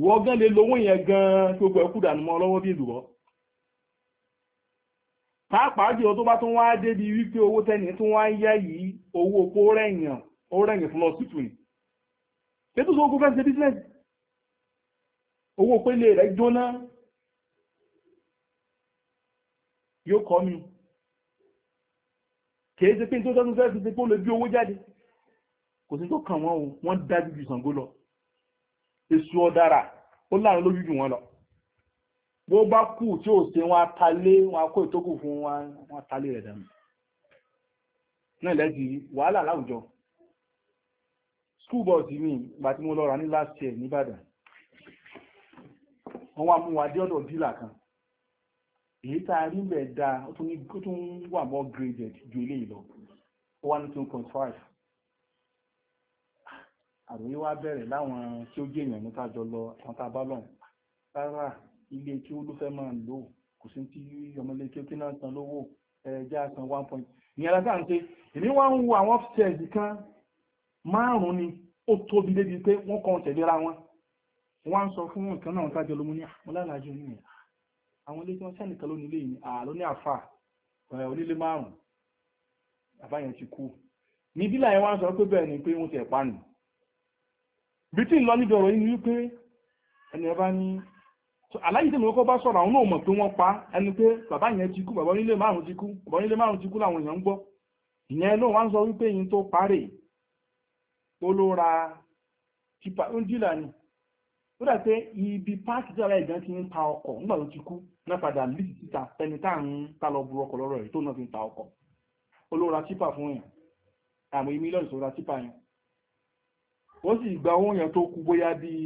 ìwọ gan lè lówó yẹn gan gbogbo ẹ̀kú dànù mọ́ lọ́wọ́ bí èlùbọ́ pàápàá jùlọ tó bá tún wá débi wípé owó tẹ́ni tún wá ń yá yìí owó opó rẹ̀yàn ó rẹ̀yìn fún lọ́sítù ni pẹ̀tù tó kún fẹ́ ṣe bísínẹ́sì owó pélé rẹ̀ jóná yóò kọ́ mi kìí ṣe pé tó tọ́tún fẹ́ fi ṣe pé ó lè bí owó jáde kò sí tó kàn wọ́n o wọ́n dájú ju Ṣàngó lọ èso ọ̀dára ó láàrin lójú jù wọ́n lọ bó bá kù tí ò sí wọn atalé wọn akó ìtókù fún wọn atalé rẹ̀ dànù náà lẹ́dí wàhálà láwùjọ school bus mi ìgbà tí mo lọ rà ní last year nìbàdàn wọ́n wá mú wa dé ọ̀dọ̀ dílà kan èyí tá a rí bẹ̀ dáa ó tún wà mọ́ graded ju eléyìí lọ ó wá ní two point five àròyé wa bẹ̀rẹ̀ láwọn tí ó jẹ́ èèyàn ní ká jọ lọ àwọn tá a bá lọ́hùn rárá ilé kí ó ló fẹ́ máa lò kò sí tí ọmọlé kí ó kí san lówó ẹja san one point ìyẹn la dáhùn pé èmi wá ń wo àwọn upstairs kan márùn-ún ni ó tóbi débi pé wọ́n kàn tẹ̀léra wọn wọ́n á sọ fún nǹkan náà tájọ ló mú ní àwọn lálàájú ní ẹ̀ àwọn ilé tí wọ́n sẹ́nìkan lónìí lè ní àlọ́ ní àfà onílé márùn-ún àbáyẹn ti kú ní bílà yẹn wá ń sọ pé bẹ́ẹ̀ ni pé wọ́n ti ẹ̀ pa nù bí tí ń lọ níbi ọ̀rọ̀ yìí ni wípé ẹni ẹ bá ní aláyìí tí mo kọ́ bá sọ̀rọ̀ àwọn náà mọ̀ pé wọ́n pa ẹni pé bàbá yẹn ti kú bàbá onílé márùn ti kú bàbá onílé márùn ti kú làwọn èèyàn ń gbọ́ ìyẹn náà wá ń sọ wípé yìí tó parè ó ló ra tipa ó ń dìlà ni ó dà pé ibi páàkì tí aláyìí gan ti ń ta ọkọ̀ nígbà tó ti kú náà padà lídì síta ẹni tá à ń ta lọ bu ọkọ̀ lọ́rọ̀ rẹ̀ tó náà fi ń ta ọkọ̀ ó ló ra tipa fún yẹn àmọ́ mílíọ̀nù tó ra tipa yẹn ó sì gba owó yẹn tó kú bóyá bíi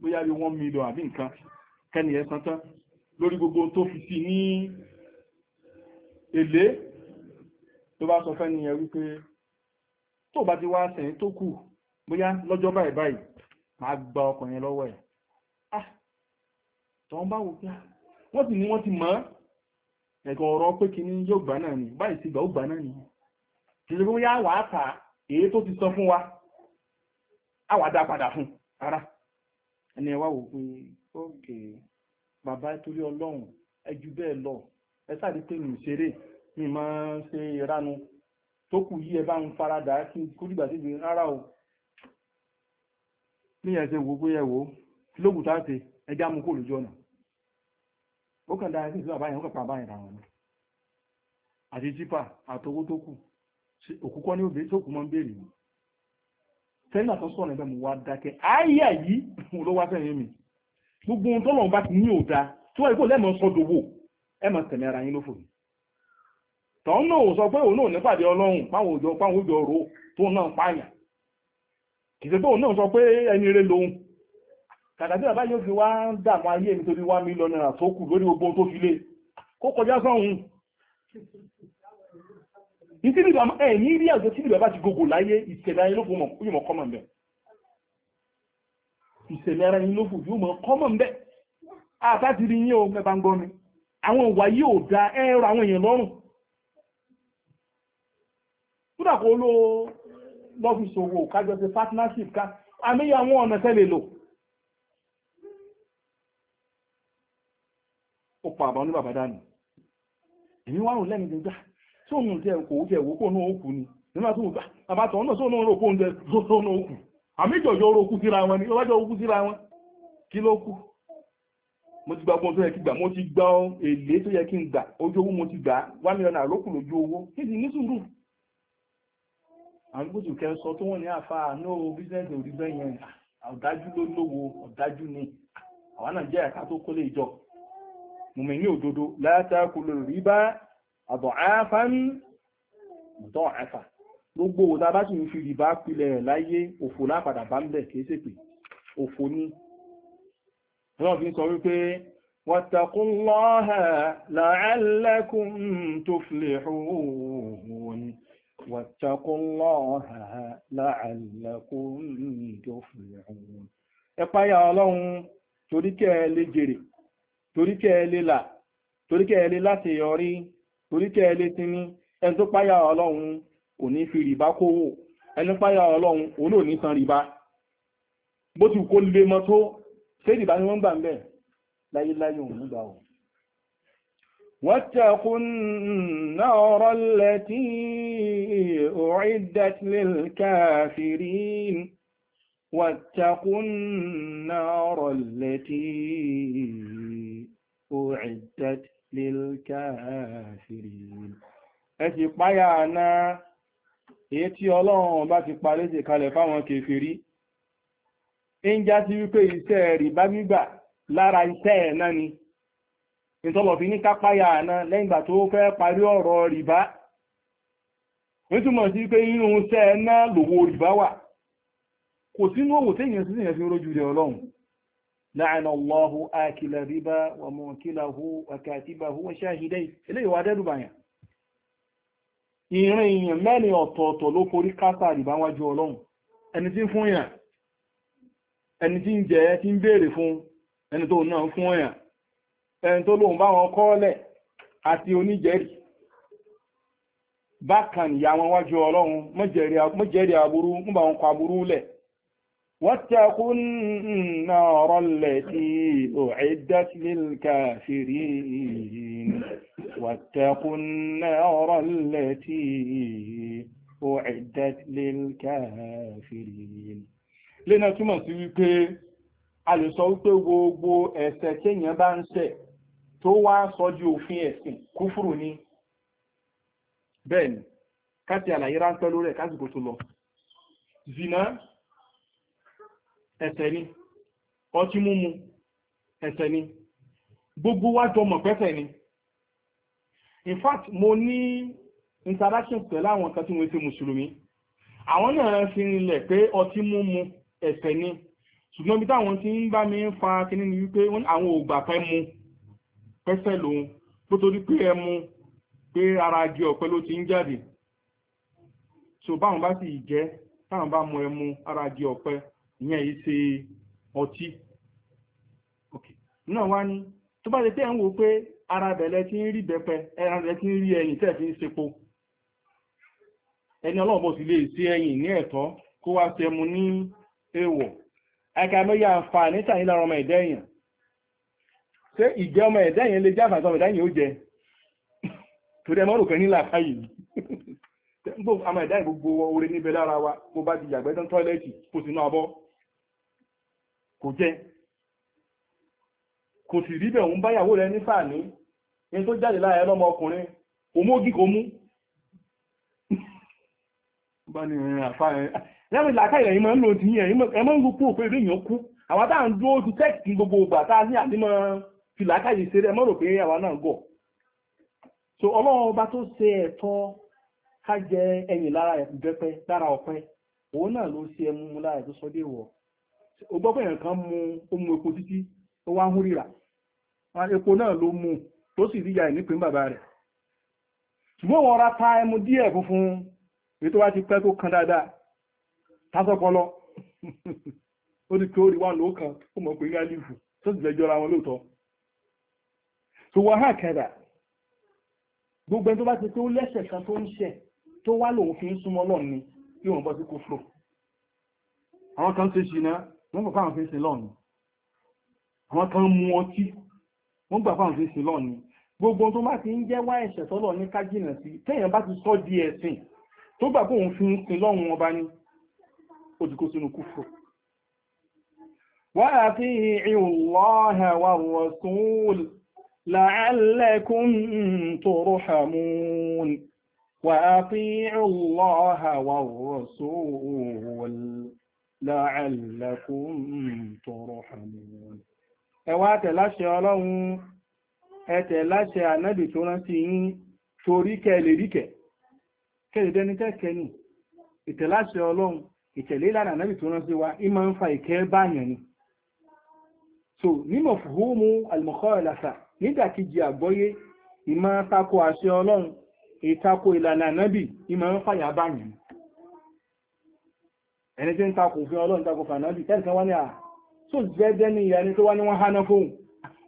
bóyá bíi one million àbí nǹkan kẹni ẹ̀ san tán lórí gbogbo tó fi sí ní èlé tó bá sọ fẹ́ni ẹ̀ wípé tó bá ti wá sẹ̀yìn tó kù bóyá lọ́jọ́ báyìí báyìí máa gba ọkùnrin lọ́wọ́ ẹ̀ ah tọ́n bá wò pé ah! wọ́n ti ní wọ́n ti mọ̀ ẹ̀kọ́ ọ̀rọ̀ pé kí ní yóò gbà náà ni báyìí ti gbà ó gbà náà ni ara ẹni ẹ ok bàbá torí ọlọ́run ẹ ju bẹ́ẹ̀ lọ ẹ sáré pé mi ṣeré mi máa ń ṣe ìranu tó kù yí ẹ bá ń faradà kí n kó dìgbà síbi rárá o ní ẹ ṣe wò bóyá wò ó lóògùn tá a ṣe ẹ já mú kó lójú ọ̀nà ó kàn dára sí ìlú àbáyẹn ó kàn pa àbáyẹn dànù ni àti jípà àtọwó tó kù òkúkọ́ ní obìnrin tó kù mọ́ ń béèrè mi sẹ́yìn àtọ́sọ̀rọ̀ ẹ̀bẹ̀ mo wá dákẹ́ ayé yìí mo ló wá sẹ́yìn mi gbogbo ohun tọ́lọ́run bá ti ní òda tí wọ́n ìkó lẹ́mọ̀ sọ dòwò ẹ máa tẹ̀mí ara yín lófò ní tọ́n náà sọ pé òun náà nípàdé ọlọ́run páwọn òjò páwọn òjò ro tó náà pààyàn kìí pé òun náà sọ pé ẹni rẹ lòun kàkàtí bàbá yóò fi wá ń dààmú ayé mi torí wá mílíọ̀n náírà tó kù lórí gbogbo tó fi lé kó kọjá sọ́hun ìtìlì bàbá ẹ̀yìn rí àjọ tìlì bàbá ti gogò láyé ìtẹ̀lẹ̀ ayé ló fún mọ̀ kọ́mọ̀ bẹ́ẹ̀ ìṣẹ̀lẹ̀ ara yín ló fò yóò mọ̀ kọ́mọ̀ ń bẹ̀ àtàtì rí yín o àwọn ìwà yìí ò da ẹ̀rọ àwọn èèyàn lọ́rùn kódà kó ló lọ́fi ṣòwò kájọ ṣe partnership ká àmì àwọn ọ̀nà tẹ́lẹ̀ lò ó pa àbá ní bàbá dánù èmi ni nígbà tó ń gbà bàbá tọ̀ náà sóun náà rò kó ń jẹ́ tó àmìjọ̀jọ́ orókú síra wọn ni lọ́wọ́jọ́ orókú síra wọn kí ló kú mo ti gba ọgbọ́n tó yẹ kí gbà mo ti gba èlé tó yẹ kí n gbà ojú owó mo ti gbà wá ní ọ̀nà àlókù lójú owó kí ni ní sùúrù àwọn gbòsù kẹ sọ tó wọ́n ní àfa àánú bísẹ́ǹsì òrí bẹ́ẹ̀ yẹn ah, ọ̀dájú ló lówó ọ̀dájú ni àwọn náà jẹ́ ẹ̀ka tó kólé ìjọ mùmí ní òdodo látàkùlù rí bá àbọ̀ àáfà ń dọ̀ àáfà gbogbo òdà bá sì ń fi rìbá pilẹ̀ rẹ̀ láyé òfò lápadà bá ń bẹ̀ kìí ṣèpè òfò ni wọ́n fi sọ wípé wattaqullaha la'allakum tuflihun wattaqullaha la'allakum tuflihun ẹ páyà ọlọ́run torí kẹ́ tó páyà ọlọ́run òní fi rìbá kówó ẹni páyà ọlọ́run òun ò ní san rìbá bó ti kó lè mọ tó ṣé rìbá ni wọ́n gbà ń bẹ̀ láyéláyé òun nígbà o. واتقوا النار التي أعدت للكافرين páyà náà èyí tí ọlọ́run bá ti parí sí kalẹ̀ fáwọn kèfèrí ń já sí wípé iṣẹ́ rìbá gbígbà lára iṣẹ́ ẹ̀ náà ni ìtọ́lọ̀ fi ní kápáyà àná lẹ́yìn ìgbà tó fẹ́ parí ọ̀rọ̀ rìbá nítúmọ̀ sí pé inú iṣẹ́ náà lòwò rìbá wà kò sínú òwò tí èèyàn sí èèyàn rójú rẹ̀ ọlọ́run láàrín Allahu akila riba wa mukilahu wa katibahu wa shahidai eléyìí wà dẹ́rù ìrìn èèyàn mẹ́rin ọ̀tọ̀ọ̀tọ̀ ló forí kásà àdìbáwájú ọlọ́run ẹni tí ń fún yàn ẹni tí ń jẹ tí ń bèèrè fún ẹni tó náà fún yàn ẹni tó lóun bá wọn kọ́ọ́lẹ̀ bákan ìyá wọn wájú ọlọ́run mọ́jẹ́rì aburú bá واتقوا النار التي أعدت للكافرين واتقوا النار التي أعدت للكافرين lẹ́nà túmọ̀ sí wípé a lè sọ wípé gbogbo ẹ̀ṣẹ̀ téèyàn bá ń ṣẹ̀ tó wá sọ di òfin ẹ̀sìn kúfùrù ni bẹ́ẹ̀ ni ká ti àlàyé ráńpẹ́ lórí ẹ̀ kásìkò tó lọ zina ẹ̀ṣẹ̀ ni ọtí múmu ẹ̀ṣẹ̀ ni gbogbo wa jọ mọ̀ pẹ́fẹ̀ ni in fact mo ní interaction pẹ̀lú àwọn kan tí wọ́n ṣe mùsùlùmí àwọn náà fi rinlẹ̀ pé ọtí múmu ẹ̀ṣẹ̀ ni ṣùgbọ́n bí táwọn ti ń bá mi ń fa kíní ni wípé àwọn ò fẹ́ mu pẹ́sẹ̀ lòun tó torí pé ẹ mu pé ara jẹ ọ̀pẹ ló ti ń jáde so báwọn bá sì jẹ́ táwọn bá mu ẹ mu ara jẹ ọ̀pẹ ìyẹn yìí ṣe ọtí náà wá ní tó bá lè tẹ́ ń wo pé ara bẹ̀lẹ̀ tí ń rí bẹ̀pẹ̀ ara bẹ̀lẹ̀ tí ń rí ẹyìn fi ń sepo ẹni ọlọ́ọ̀bọ̀ sì lè sí ẹyìn ní ẹ̀tọ́ kó wá sí ní ọmọ ẹ̀dá èèyàn ṣé ìjẹ́ ọmọ ẹ̀dá èèyàn lè jáfà sọmọ ẹ̀dá èèyàn ó jẹ torí ẹmọ rò kan làkà yìí gbogbo ọmọ ẹ̀dá ìgbogbo oore níbẹ̀ lára wa bó bá tán kó kò jẹ́ kò sì rí bẹ̀ òun báyàwó rẹ̀ ní fàní ní tó jáde láàrẹ lọ́mọ ọkùnrin òmógí kò mú lẹ́mìn làkà ìrẹ̀ ìmọ̀ ń lò tí ẹmọ́ ń rúpò pé rí èèyàn kú àwọn táà ń dúró ju tẹ́ẹ̀kì gbogbo ìgbà táà ní àdímọ̀ fi làkà yìí ṣeré ẹmọ́ rò pé àwa náà gọ̀ so ọlọ́run ọba tó ṣe ẹ̀tọ́ ká jẹ ẹyìn lára ẹ̀kùnjẹ́pẹ́ lára ọ̀pẹ òun náà ló ṣe ẹmu lára ẹ̀ tó o gbọ́ pé èèyàn kan mu ó mu epo títí ó wá ń hú rírà epo náà ló mu tó sì ríya ẹ̀ nípìn bàbá rẹ̀ ṣùgbọ́n wọn ra ta ẹmu díẹ̀ funfun èyí tó wá ti pẹ́ tó kan dáadáa tásọpọlọ ó ti kórìí wà ló kan ó mọ̀ pé gálífù tó sì lẹ́jọ́ra wọn lóòótọ́ tó wọ́n hàn kẹ́dà gbogbo ẹni tó bá ti pé ó lẹ́sẹ̀ kan tó ń ṣẹ̀ tó wá lòun fi ń súnmọ́ lọ́ọ̀ ni yóò bọ́ sí kúfúrò àwọn kan ṣe ṣìnà wọ́n gbà fáwọn fi ń ṣe lọ́ọ̀ni àwọn gbogbo tó bá ti ń jẹ́ wá ẹ̀ṣẹ̀ tọ́lọ̀ ní kájìnà sí téèyàn bá ti sọ di ẹ̀sìn tó gbà bóun fi ń sin lọ́hùn ọba ní òdìkó sínú kúfò wà á fi ìwọ̀lọ́hà wà rọ̀sùn la'allakum turhamun ẹ wá tẹ̀láṣẹ ọlọ́run ẹ tẹ̀láṣẹ ànábì tó rántí yín torí kẹ́ lè ríkẹ̀ kẹ́lẹ̀dẹ́ni tẹ́kẹ́ ni ìtẹ̀láṣẹ ọlọ́run ìtẹ̀lé ìlànà ànábì tó rántí wa ìmọ̀ ń fa ìkẹ́ báyàn ni so ní mọ̀fúhùmù al-mukhalafa nígbàkejì àgbọ́yé ìmọ̀ tako àṣẹ ọlọ́run ìtako ìlànà ànábì ìmọ̀ ń fàyà báyàn ni ẹni tí ń takò fún ọlọ́run takò fànábì tẹ́lẹ̀kan wọ́n ní à tó jẹ́jẹ́ ní ìyẹni tó wá ní wọ́n háná fóun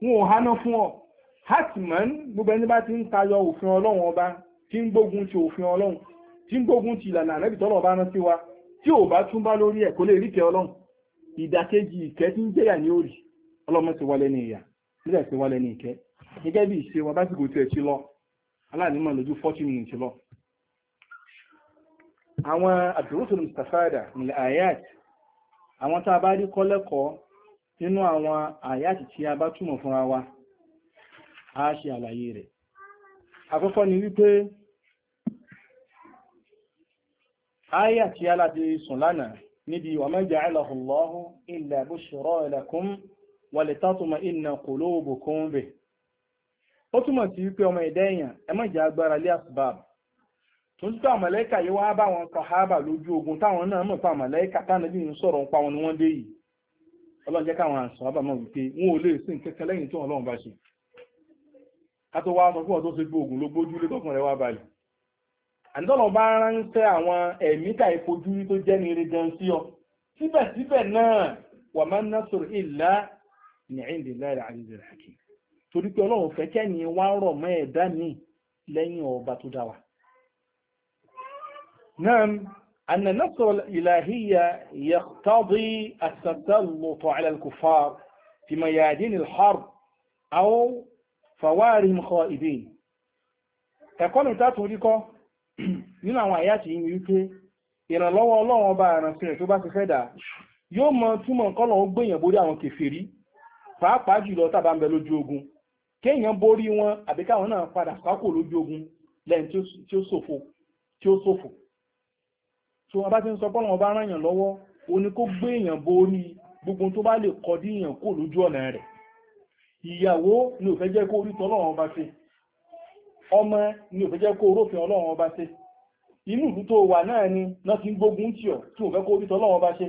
wọn ò háná fún ọ hatman gbogbo ẹni bá ti ń tayọ òfin ọlọ́run ọba tí ń gbógun ti òfin ọlọ́run tí ń gbógun ti ìlànà ànábì tọ́lọ̀ ọba rán sí wa tí ò bá tún bá lórí ẹ̀ kó lè rí ìkẹ́ ọlọ́run ìdàkejì ìkẹ́ tí ń jẹ́yà ní òrì ọlọ́mọ ti wálé ní ìyà nígbà tí wálé ní ìkẹ́ gẹ́gẹ́ bí ìṣe wa básìkò tiẹ̀ ti lọ aláànímọ̀ lójú 40 minutes lọ àwọn àdúrósùn mustafada nílẹ̀ ayat àwọn tá a bá rí kọ́lẹ́kọ̀ọ́ nínú àwọn ayat tí a bá túmọ̀ fúnra wa a ṣe àlàyé rẹ̀ àkọ́kọ́ ni wípé ayat tí a láti sùn lánàá níbi wa ma ja'alahu Allahu ọmọ ẹ̀dá èèyàn ẹ tó ń tó àmọ̀lẹ́kà yìí wá bá wọn sàhábà lójú ogun táwọn náà mọ̀ pa àmọ̀lẹ́kà tánàbí ń sọ̀rọ̀ ń pa wọn ni wọ́n dé yìí ọlọ́run jẹ́ káwọn sàhábà mọ̀ wípé wọn ò lè sí nǹkan lẹ́yìn tó ọlọ́run bá ṣe ká tó wá sọ fún ọ̀tọ́ ṣe gbé ogun ló lé tọkùn rẹ̀ wá balẹ̀ àdọ́lọ́ bá ránṣẹ́ àwọn ẹ̀mí tà ìfojú tó jẹ́ ní iregan sí ọ síbẹ̀síbẹ̀ náà wà máa ń násòrò ìlà ní ìdílé rẹ̀ àdìsẹ̀ rẹ̀ torí pé ọlọ́run fẹ́ kẹ́ni wá rọ̀ mọ́ ẹ̀dá mi lẹ́yìn ọba tó dá wa نعم أن النصر الإلهية يقتضي التسلط على الكفار في ميادين الحرب أو فوارهم خائبين ẹ̀kọ́ mi tá tún ríkọ́ nínú àwọn àyá ti yìí wípé ìrànlọ́wọ́ ọlọ́run ọba àrànṣẹ́ tó bá ti fẹ́ dà yóò mọ túmọ̀ kọ́lọ̀ ó gbèyàn borí àwọn kèfèrí pàápàá jùlọ tàbá ń bẹ lójú ogun kéèyàn borí wọn àbíkáwọn náà padà sákò lójú ogun lẹ́yìn tí ó ṣòfò so wọn bá ti ń sọ bọ́lọ̀ wọn bá ràn yàn lọ́wọ́ o ní kó gbé èèyàn borí gbogbo tó bá lè kọ dí èèyàn kó lójú ọ̀nà rẹ̀ ìyàwó ni ò fẹ́ jẹ́ kó rí tọ́lọ́run ọba ṣe ọmọ ni ò fẹ́ jẹ́ kó rófin ọlọ́run ọba ṣe inú ìlú tó wà náà ni náà ti ń gbógun tì ọ́ tí ò fẹ́ kó rí tọ́lọ́run ọba ṣe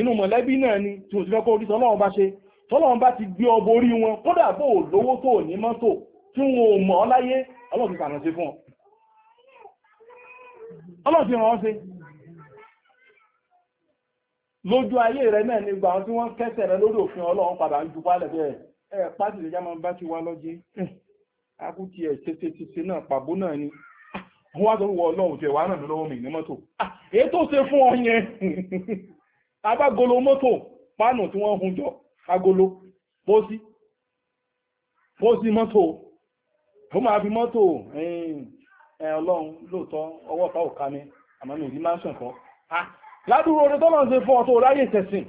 inú mọ̀lẹ́bí náà ni tí ò ti fẹ́ kó rí tọ́lọ́run ọba ṣe tọ́lọ́run bá ti gbé ọ borí wọn kódà bó lówó tó ní mọ́tò tí wọn ò mọ̀ ọ́ láyé ọlọ́run ti fàràn sí fún ọ ọlọ́run ti ràn ọ́ sí lójú ayé rẹ̀ náà ní gbà àwọn tí wọ́n kẹ́sẹ̀ rẹ̀ lórí òfin ọlọ́run padà ń ju pálẹ̀ bẹ́ẹ̀ ẹ pàtì lè já máa bá ti wá lọ́jẹ́ akúti ẹ̀ tètè tètè náà pàbó náà ni wọ́n ah, wá tó wọ ọlọ́run tẹ̀ wá ràn mí lọ́wọ́ mi ní mọ́tò ah, èyí tó ṣe fún ọ yẹn abágolo mọ́tò pánù tí wọ́n hun jọ agolo pósí pósí mọ́tò ó máa fi mọ́tò ẹ̀ ọlọ́run lóòótọ́ ọwọ́ ọ̀pá òkà mi àmọ́ mi rí máṣàn kan ládúró orin tọ́lọ̀ ṣe fún ọ̀tọ́ láyé tẹ̀sìn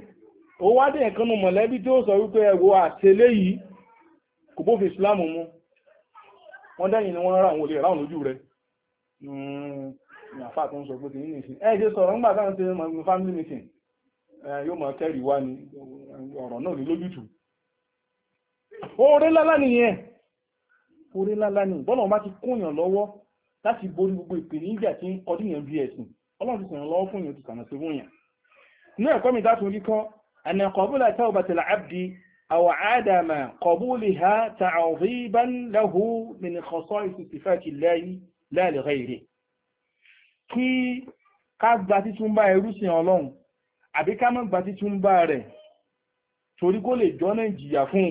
ó wá dé mọ̀lẹ́bí tí ó sọ wípé ẹ̀wò àtẹlé yìí kò bófin ìsìláàmù mu wọ́n dẹ́yìn ni wọ́n rà àwọn olè ráhùn lójú rẹ̀ hmm, àfà tó ń sọ pé ti ní ìsìn ẹ̀ ṣe sọ̀rọ̀ family meeting ní ọ̀rọ̀ ọlọ́run ti sàn lọ́wọ́ fún yẹn ti sànà sí fún yẹn ní ẹ̀kọ́ mi dátun rí kọ́ ẹ̀nà kọ̀bùlà tawbatil abdi aw adama qabulaha ta'dhiban lahu min khasa'is sifatillahi la li ghayri kí ká gba títúmbà ẹrú sin ọlọ́run àbí ká má gba títúmbà rẹ̀ torí kó lè jọ́nà ìjìyà fún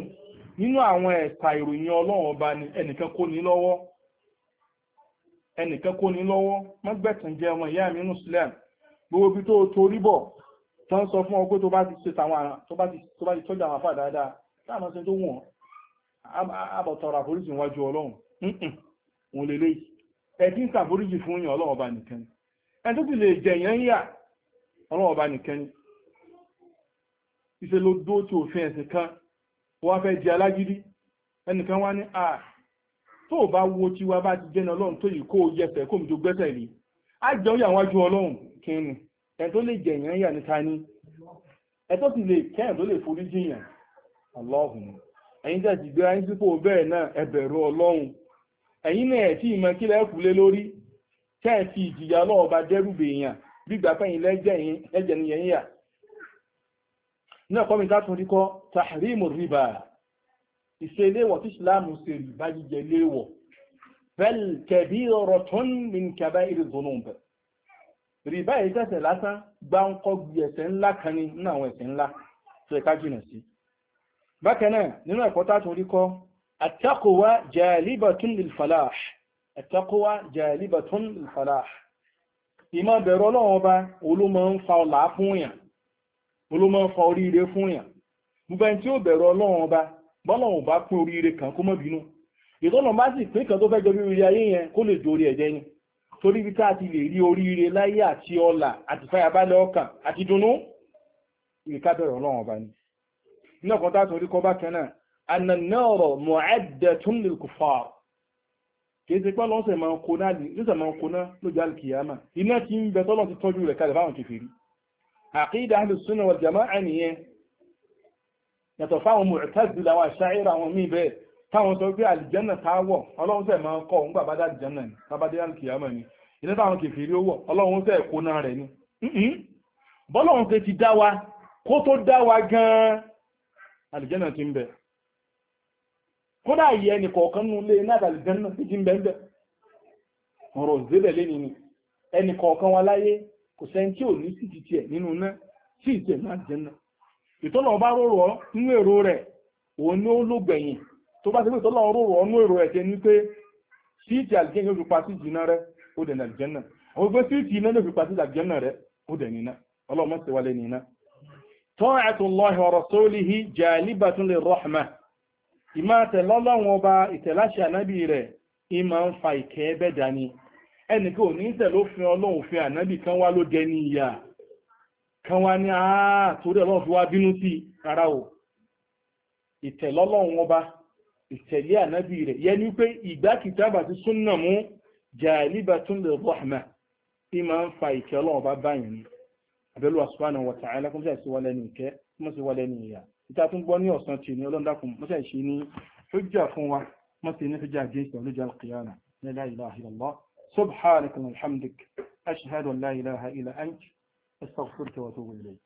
nínú àwọn ẹ̀ka ìròyìn ọlọ́run ọba ẹnìkan ẹnìkan kó ní lọ́wọ́ má gbẹ̀tàn jẹ ọmọ ìyá mi nù Islam gbogbo ibi tó torí bọ̀ tó ń sọ fún ọ pé tó bá ti ṣe tàwọn àrà tó bá ti tọ́jú àwọn àfà dáadáa táàmà sí tó wọ̀n àbọ̀tọ̀rọ àforíjì wájú ọlọ́run òun lè léyìí ẹ̀dín ṣàforíjì fún yàn ọlọ́run ọba nìkan ẹni tó ti lè jẹ̀yàn yà ọlọ́run ọba ni ìṣe tó o bá wo tiwa bá ti dẹ́nà ọlọ́run tó yìí kó o yẹsẹ̀ kó o jò gbẹ́sẹ̀ lé á jẹ́ òyà wájú ọlọ́run kírun ẹni tó lè jẹ èèyàn yà níta ní ẹ tó sì lè kẹ́yìn tó lè forí jìyàn ọlọ́run ẹ̀yin tẹ̀ ti gbé ayé sípò bẹ́ẹ̀ náà ẹ bẹ̀rù ọlọ́run ẹ̀yin náà ẹ̀ tí ìmọ̀ kílẹ̀ kù lé lórí tẹ́ ẹ̀ fi ìjìyà ọlọ́run bá dẹ́rù bèèyàn gbígbà pẹ́yìn lẹ́jẹ̀ nìyẹn yà náà kọ́ mi ká tún rí kọ́ tahrimu riba ìṣe léwọ̀ tí ìsìláàmù ṣe rìbá jíjẹ léwọ̀ bẹ́ẹ̀ kẹ̀bí ọ̀rọ̀ tó ń min kẹ̀bá ìrì zonu bẹ̀. rìbá yìí tẹ̀sẹ̀ lásán gbá ń kọ́ gbi ẹ̀ṣẹ̀ ńlá kan ní nínú àwọn ẹ̀ṣẹ̀ ńlá tó ẹ̀ka jìnà sí. bákan náà nínú ẹ̀kọ́ tá a tún rí kọ́ àtàkùwá jalibatun lil falah àtàkùwá jalibatun lil falah. ìmọ̀ bẹ̀rù ọlọ́run bọ́lọ̀ ò bá pín oríire kan kó má bínú ìtọ́nà bá sì pín kan tó fẹ́ jọ oríire ayé yẹn kó lè dorí ẹ̀jẹ̀ ni torí bí táà ti lè rí oríire láyé àti ọlà àti fàyàbálẹ̀ ọkàn àti dunnú ìrìká bẹ̀rẹ̀ ọlọ́run ọba ni ní ọkàn tá a tún rí kọ́ bákan náà ànànàọ̀rọ̀ mu'addatun lil kuffar kìí ṣe pé lọ́sẹ̀ máa ń koná lọ́sẹ̀ máa ń koná lójú alkiyama iná ti ń bẹ tọ́lọ́ ti tọ́jú rẹ̀ kalẹ̀ fáwọn kẹfìrí àkídà ahlus sunnah wal jama'a nìyẹn yàtọ̀ fáwọn mọ̀tẹ́sì làwọn àṣàyẹ̀rọ àwọn míì bẹ́ẹ̀ táwọn sọ pé àlìjẹ́nà tá a wọ̀ ọlọ́run sẹ̀ máa ń kọ́ òun gbàgbádá àlìjẹ́nà ni tábàdé àlìkìyàmọ̀ ni ilé táwọn kèfèrí ó wọ̀ ọlọ́run sẹ̀ kó náà rẹ̀ ni bọ́lọ́run ṣe ti dá wa kó tó dá wa gan-an àlìjẹ́nà ti ń bẹ kódà yẹ ẹnì kọ̀ọ̀kan nú ilé náà àlìjẹ́nà ti ń bẹ ń bẹ ọ̀rọ̀ òzébẹ̀ lé nínú ẹnì kọ̀ọ̀kan wa láyé kò sẹ́ni tí ò ní sí ti tiẹ̀ nínú náà sí ìtẹ̀ náà jẹ́ ìtọ́lọ̀ ọba rò rọ́ èrò rẹ̀ òun ni ó ló tó bá ti pé ìtọ́lọ̀ rò rọ́ èrò rẹ̀ ṣe ní pé síìtì àlìjẹ́ yóò sí ìjìnà rẹ̀ ó dẹ̀ nàìjẹ́ náà àwọn gbé síìtì iná yóò fi sí àlìjẹ́ rẹ̀ ó dẹ̀ nínà ọlọ́mọ sì ìmá tẹ̀lọ́lọ́wọ́n ànábì rẹ̀ ń fa ìkẹ́ dání kan wá ní àá ah, torí ọlọ́run fi wá bínú sí ara o ìtẹ̀lọ́lọ́run ọba ìtẹ̀lé ànábì rẹ̀ yẹ ní pé ìgbákìtàbà ti súnnà mú jàìlíbà tún lè rọ́hàmà tí máa ń fa ìkẹ́ ọlọ́run ọba báyìí ni abẹ́lú subhanahu wa ta'ala kó mọ́sẹ̀ sí wà lẹ́nu ìkẹ́ mọ́sẹ̀ wà lẹ́nu ìyà ìta tún gbọ́ ní ọ̀sán tì ashhadu an la ilaha illa anta استغفرك واتوب اليك